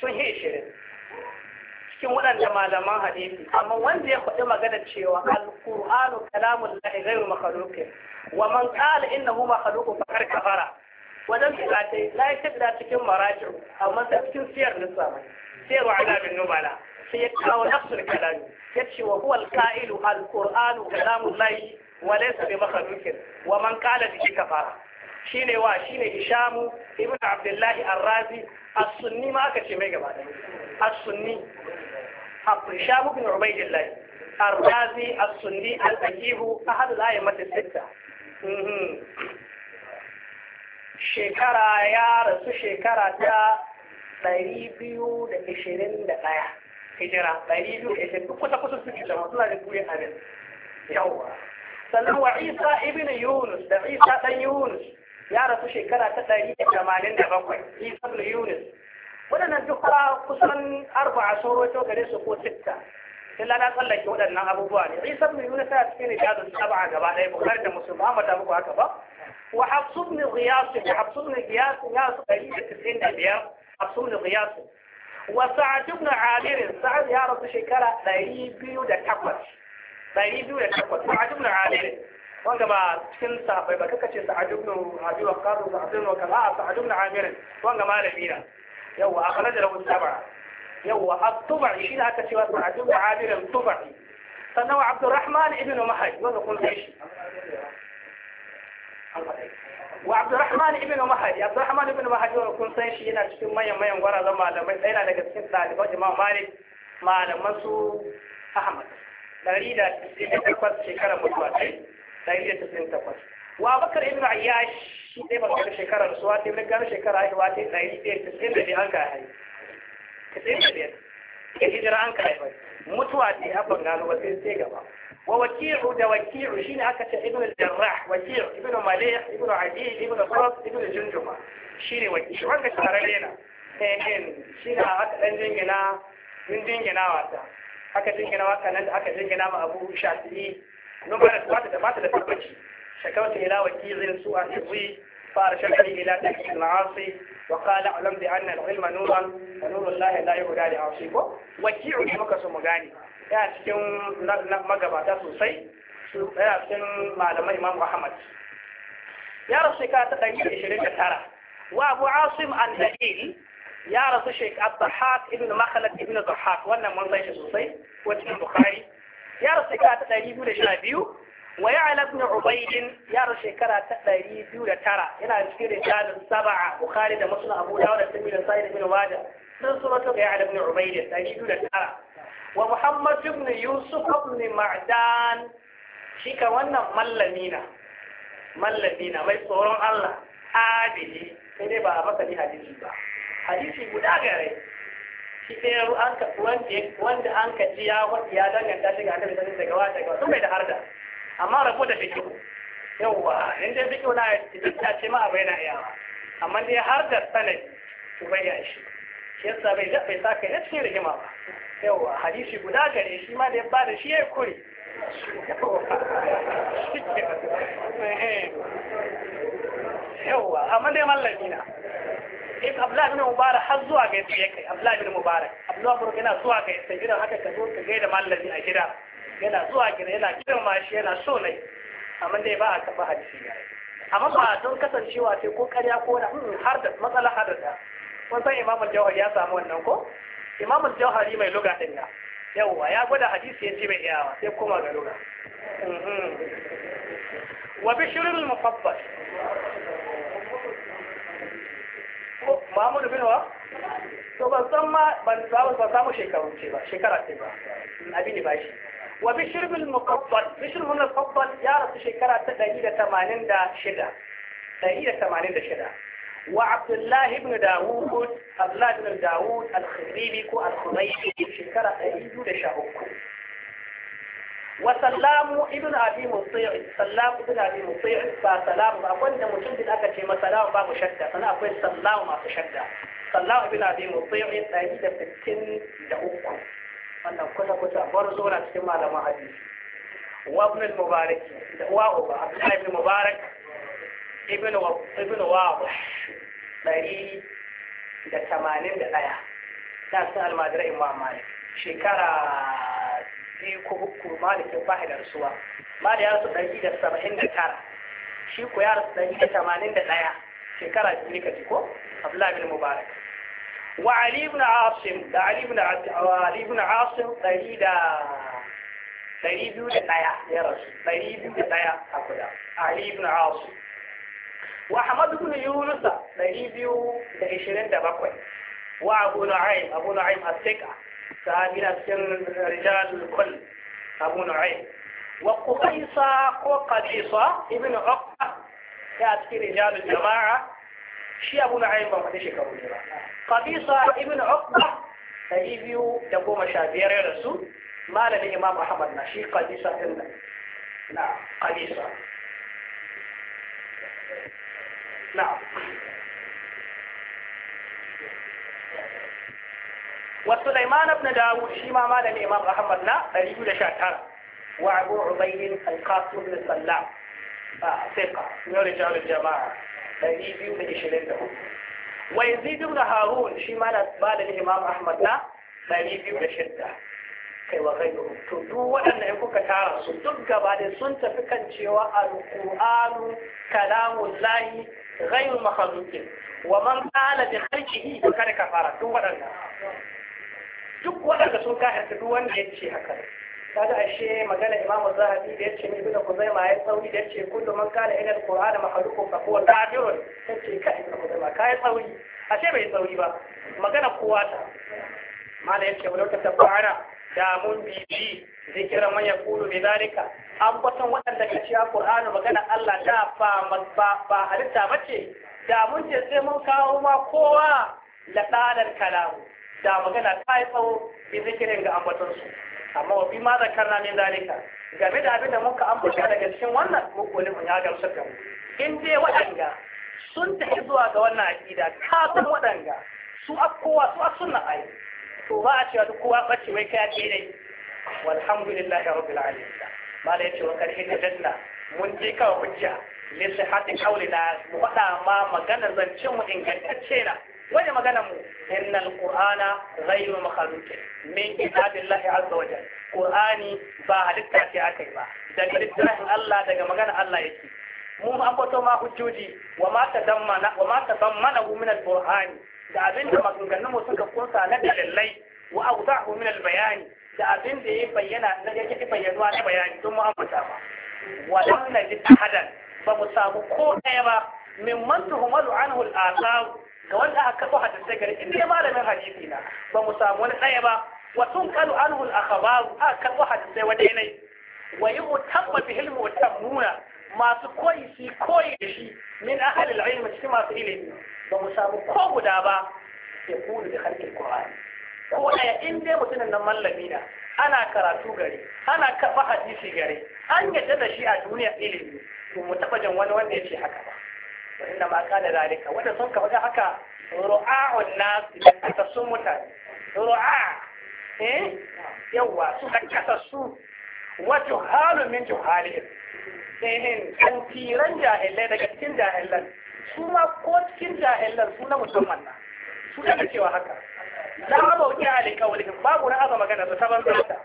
sun yi ishirin cikin waɗanda malaman hadisi amma wanda ya faɗi magana cewa alƙur'anu kalamun lahi ghairu makhluqin wa man qala innahu makhluqun faqad kafara wajen fitate la ya tabbata cikin maraji amma sai cikin siyar nisa mai siyar wa alamin nubala sai ya kawo nafsul kalami ya ce wa huwa alqa'ilu alqur'anu kalamun lahi wa laysa bi makhluqin wa man qala bi kafara shine wa shine Hishamu ibn Abdullah Ar-Razi as-Sunni ma aka ce mai gaba da as-Sunni Hishamu ibn Ubaydillah Ar-Razi as-Sunni al-Aqibu ahad al-a'immat as-sitta mhm. shekara ya rasu shekara ta 221 hijira 221 kusa kusa su ci jama'a suna da buye abin yawa sannan wa isa ibn yunus da isa dan yunus ya rasu shekara ta ɗari da tamanin da bakwai isa bin yunus waɗannan duk kusan arba'a sun roto gare su ko sitta sai lana tsallake waɗannan abubuwa ne isa bin yunus ya cikin ne jazin saba gaba ɗaya bukari da musulmi amma da muku haka ba wa hafsu bin ghiyas da hafsu bin ghiyas ya su ɗari da tisin da biyar hafsu bin ghiyas wa sa'ad ibn amir sa'ad ya rasu shekara ɗari biyu da takwas ɗari biyu da takwas sa'ad ibn amir wanda ba cikin sahabbai ba kaka ce sa'ad ibn abi waqqas sa'ad ibn kaza sa'ad ibn amir wanda malami na yawa akhraja lahu sab'a yawa at-tubai shi da aka ce wa sa'ad ibn amir at-tubai sannan wa abdurrahman ibn mahdi wanda kun sai shi wa abdurrahman ibn mahdi abdurrahman ibn mahdi wanda kun san shi yana cikin mayan mayan gwarazan malamai tsaye daga cikin daliban imam malik malaman su ahmad dari da cikin takwas shekarar mutuwa ce 198 wa bakar ibn ayyash ne ba ga shekarar su wa ne ga shekara ai wa dai da an ka hai da ke hijira an kai ba mutuwa ce abban gano ba sai sai gaba wa waki'u da waki'u shi ne aka ce ibn al-jarrah waki'u ibn malih ibn adi ibn farad ibn junjuma ne waki'u wanda shahararre na eh, eh ne aka dan jingina mun jingina wata aka jingina wata nan aka jingina ma abu shafi'i نمرة واحدة ما تلفت شكوت إلى وكيل سوء حفظي فأرشدني إلى تحقيق المعاصي وقال أعلم بأن العلم نورا ونور الله لا يهدى لعاصي وكيع ne muka so mu gane ya cikin magabata sosai ya cikin malamai Imam Ahmad ya rasu shekara ta ɗari ishirin da tara wa Abu Asim al-Dalil ya rasu shekara Abdulhaq ibn Makhlad ibn Zuhaq wannan mun san shi sosai ko cikin Bukhari ya shekara ta ɗari biyu da sha biyu wa ya ala ibn ubaidin ya shekara ta ɗari biyu da tara yana cikin rijalin saba'a bukhari da muslim abu dawud da tirmidhi da sa'id ibn majah sun so to ga ya ala ibn ubaidin ɗari biyu da tara wa muhammad ibn yusuf ibn ma'dan shi ka wannan mallamina mallamina mai tsoron Allah abidi sai dai ba a masa ni hadisi ba hadisi guda gare shi ɗaya wanda an ka ji ya wasu ya danganta shi ga annabi sallallahu daga wata daga sun bai da harda amma rabu da fikihu yawwa in dai fikihu na ya ce ma abu yana iyawa amma dai har da sanadi to bai ya shi shi yasa bai da bai saka ya cikin rigima ba yawwa hadisi guda gare shi ma da ya bada shi ya kuri. yawwa amma dai mallami na sai abdullahi bin mubarak har zuwa ga yadda ya kai abdullahi bin mubarak abdullahi bin yana zuwa ga yadda gidan haka ka zo ka gaida mallami a gida yana zuwa gida yana kiran mashi yana so ne amma dai ba a taɓa hadisi ya amma ba don kasancewa sai ko ƙarya ko wani hmm, har da matsala har da kun san Imam al jawhari ya samu wannan ko Imam al jawhari mai luga din na yawwa ya gwada hadisi ya ce mai iyawa sai koma ga luga hmm, hmm. wa bishrul mufabbal Muhammadu bin wa? To ban san ma ban samu shekaru ce ba, shekara ce ba. abin ne bashi. Wa Bishir bin Muqabbal, Bishir bin Muqabbal ya rasu shekara ta ɗari da tamanin da shida. Ɗari da tamanin da shida. Wa Abdullahi ibn Dawud, Abdullahi ibn Dawud al-Khidribi ko al-Khudaibi shekara ɗari biyu da sha uku. وسلام ابن ابي مطيع سلام ابن ابي مطيع فسلام أقول ده مجند أكتي مسلام باب شدة انا أقول سلام ما شدة سلام ابن أبي مطيع ده بتن انا كنا كنت ابور برزونا في معلم حديث وابن المبارك وابن عبد الله بن مبارك ابن و... ابن واضح ɗari da tamanin da ɗaya ta sun almajirai imam malik biyu ko uku malikin ba da rasuwa ma da yasu ɗari da saba'in da tara shi ko yara su ɗari da tamanin da ɗaya shekara biyu ne ka ko abdullahi bin mubarak wa ali ibn asim da ali ibn ali ibn asim ɗari da ɗari biyu da ɗaya ya rasu ɗari biyu da ɗaya a kuda ali ibn asim wa ahmad ibn yunus ɗari biyu da ishirin da bakwai wa abu nu'aym abu nu'aym as كامل رجال الكل أبو نعيم وقبيصة وقبيصة ابن عقبة كانت رجال الجماعة شي أبو نعيم ما فديش كابو قبيصة ابن عقبة تجيبيو أيوه، تقوم شابير يا رسول ما لدي إمام محمد ناشي قبيصة إلا نعم قبيصة نعم wasu Sulaiman na dawo shi ma da Imam Ahmad na 219 wa Abu Ubayd al-Qasim ibn Sallam a thiqa ne da al-jama'a 224 wa Yazid ibn Harun shi ma malami Imam Ahmad na 206 kai wa ghayru to duk waɗannan in kuka tara su duk gaba da sun tafi kan cewa al-Qur'anu kalamullahi ghayru makhluqin wa man qala bi khalqihi fa kada kafara duk waɗannan duk waɗanda sun kafirta duk wanda ya ce haka kaga ashe magana imamu zahabi da yace mai bin ma ya tsauri da yace kullu man kana ila alqur'ana makhluqun fa huwa kafirun yace kai ibn ma kai tsauri ashe bai tsauri ba magana kowa ta mala yace walau ta tabara da mun bibi zikiran man yaqulu bi zalika an kwaton waɗanda ka a qur'ani magana Allah da ba ba halitta bace da mun ce sai mun kawo ma kowa la dalal kalamu da magana ta yi tsawo fi zikirin ga ambatonsu amma wa fi ma zakarna min zalika game da abin da muka ambata daga cikin wannan mukulin ya gamsar da mu in dai waɗanga sun tafi zuwa ga wannan aƙida ka san waɗanda su akkowa su asunna ayi to ba a cewa duk kowa bace wai kai ake dai walhamdulillahi rabbil alamin mala yace wa karhi da janna mun je kawo hujja lissahatin kaulina mu faɗa ma maganar zancen mu ingantacce na wani magana mu inna alqur'ana ghayru makhluq min kitabillahi azza wa jalla qur'ani ba halitta ce akai ba daga littafin Allah daga magana Allah yake mu ambato ma hujjoji wa ma tadammana wa ma tadammana min da abinda maganganun mu suka kunsa na dalilai wa awdahu min bayani. da abinda ya bayyana na yake bayyanuwa na bayani don mu ambata ba wa lam najid ahadan ba mu samu ko ɗaya ba min man tuhumalu anhu al-asar ga wanda aka karɓo hadisai gare in dai malamin hadisi na ba mu samu wani ɗaya ba wa sun kalu anhu al-akhbar aka karɓo hadisai wanda yanayi wa yi mutamma bi hilmi wa tammuna masu koyi shi koyi shi min ahalil ilmi cikin masu ilimi ba mu samu ko guda ba ya kuru da harkar Qur'ani ko ɗaya in dai mutumin nan mallami na ana karatu gare ana karɓa hadisi gare an yadda da shi a duniya ilimi to mu taɓa jan wani wanda ya ce haka ba wa inna ma kana zalika wanda sun ka faɗa haka ru'a'un nas da sun mutane ru'a eh yawa su kasa su wa juhalu min juhalihim sayin kantiran jahilai daga cikin jahilan su ma ko cikin jahilan su na musamman na su daga cewa haka la mawqi alqawlihim babu na azama magana su taban zata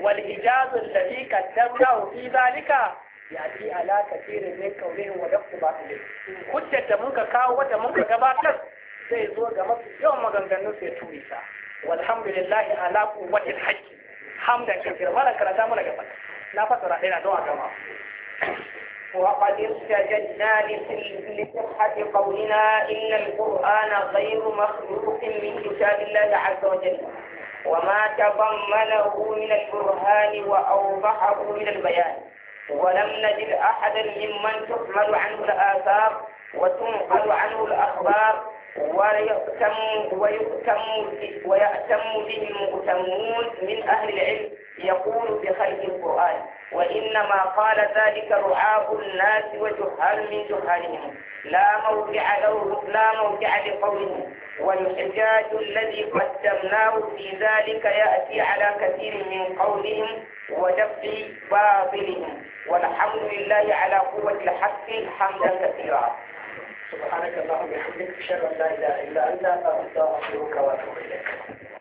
wal ijazul ladhi qaddamu fi zalika yaji ala kafirin ne kaulihin wa yaqtu batilin hujjar da mun ka kawo wadda mun ka gabatar zai zo ga mafi yawan maganganun sai turi ta walhamdulillahi ala quwwatil haqqi hamdan kafir mala karata mana gaba na fasara ɗaya na don a gama وقد استجدنا لصحة قولنا إن القرآن غير مخلوق من كتاب الله عز وجل وما تضمنه من البرهان وأوضحه من البيان ولم نجد أحدا ممن تحمل عنه الآثار وتنقل عنه الأخبار ويأتم ويأتم ويأتم به المؤتمون من أهل العلم يقول بخلق القرآن وإنما قال ذلك رعاة الناس وجهال من جهالهم لا موقع له لا موقع لقومه والحجاج الذي قدمناه في ذلك يأتي على كثير من قولهم ودفع باطلهم والحمد لله على قوة الحق حمدا كثيرا سبحانك اللهم وبحمدك اشهد ان لا اله الا انت استغفرك واتوب اليك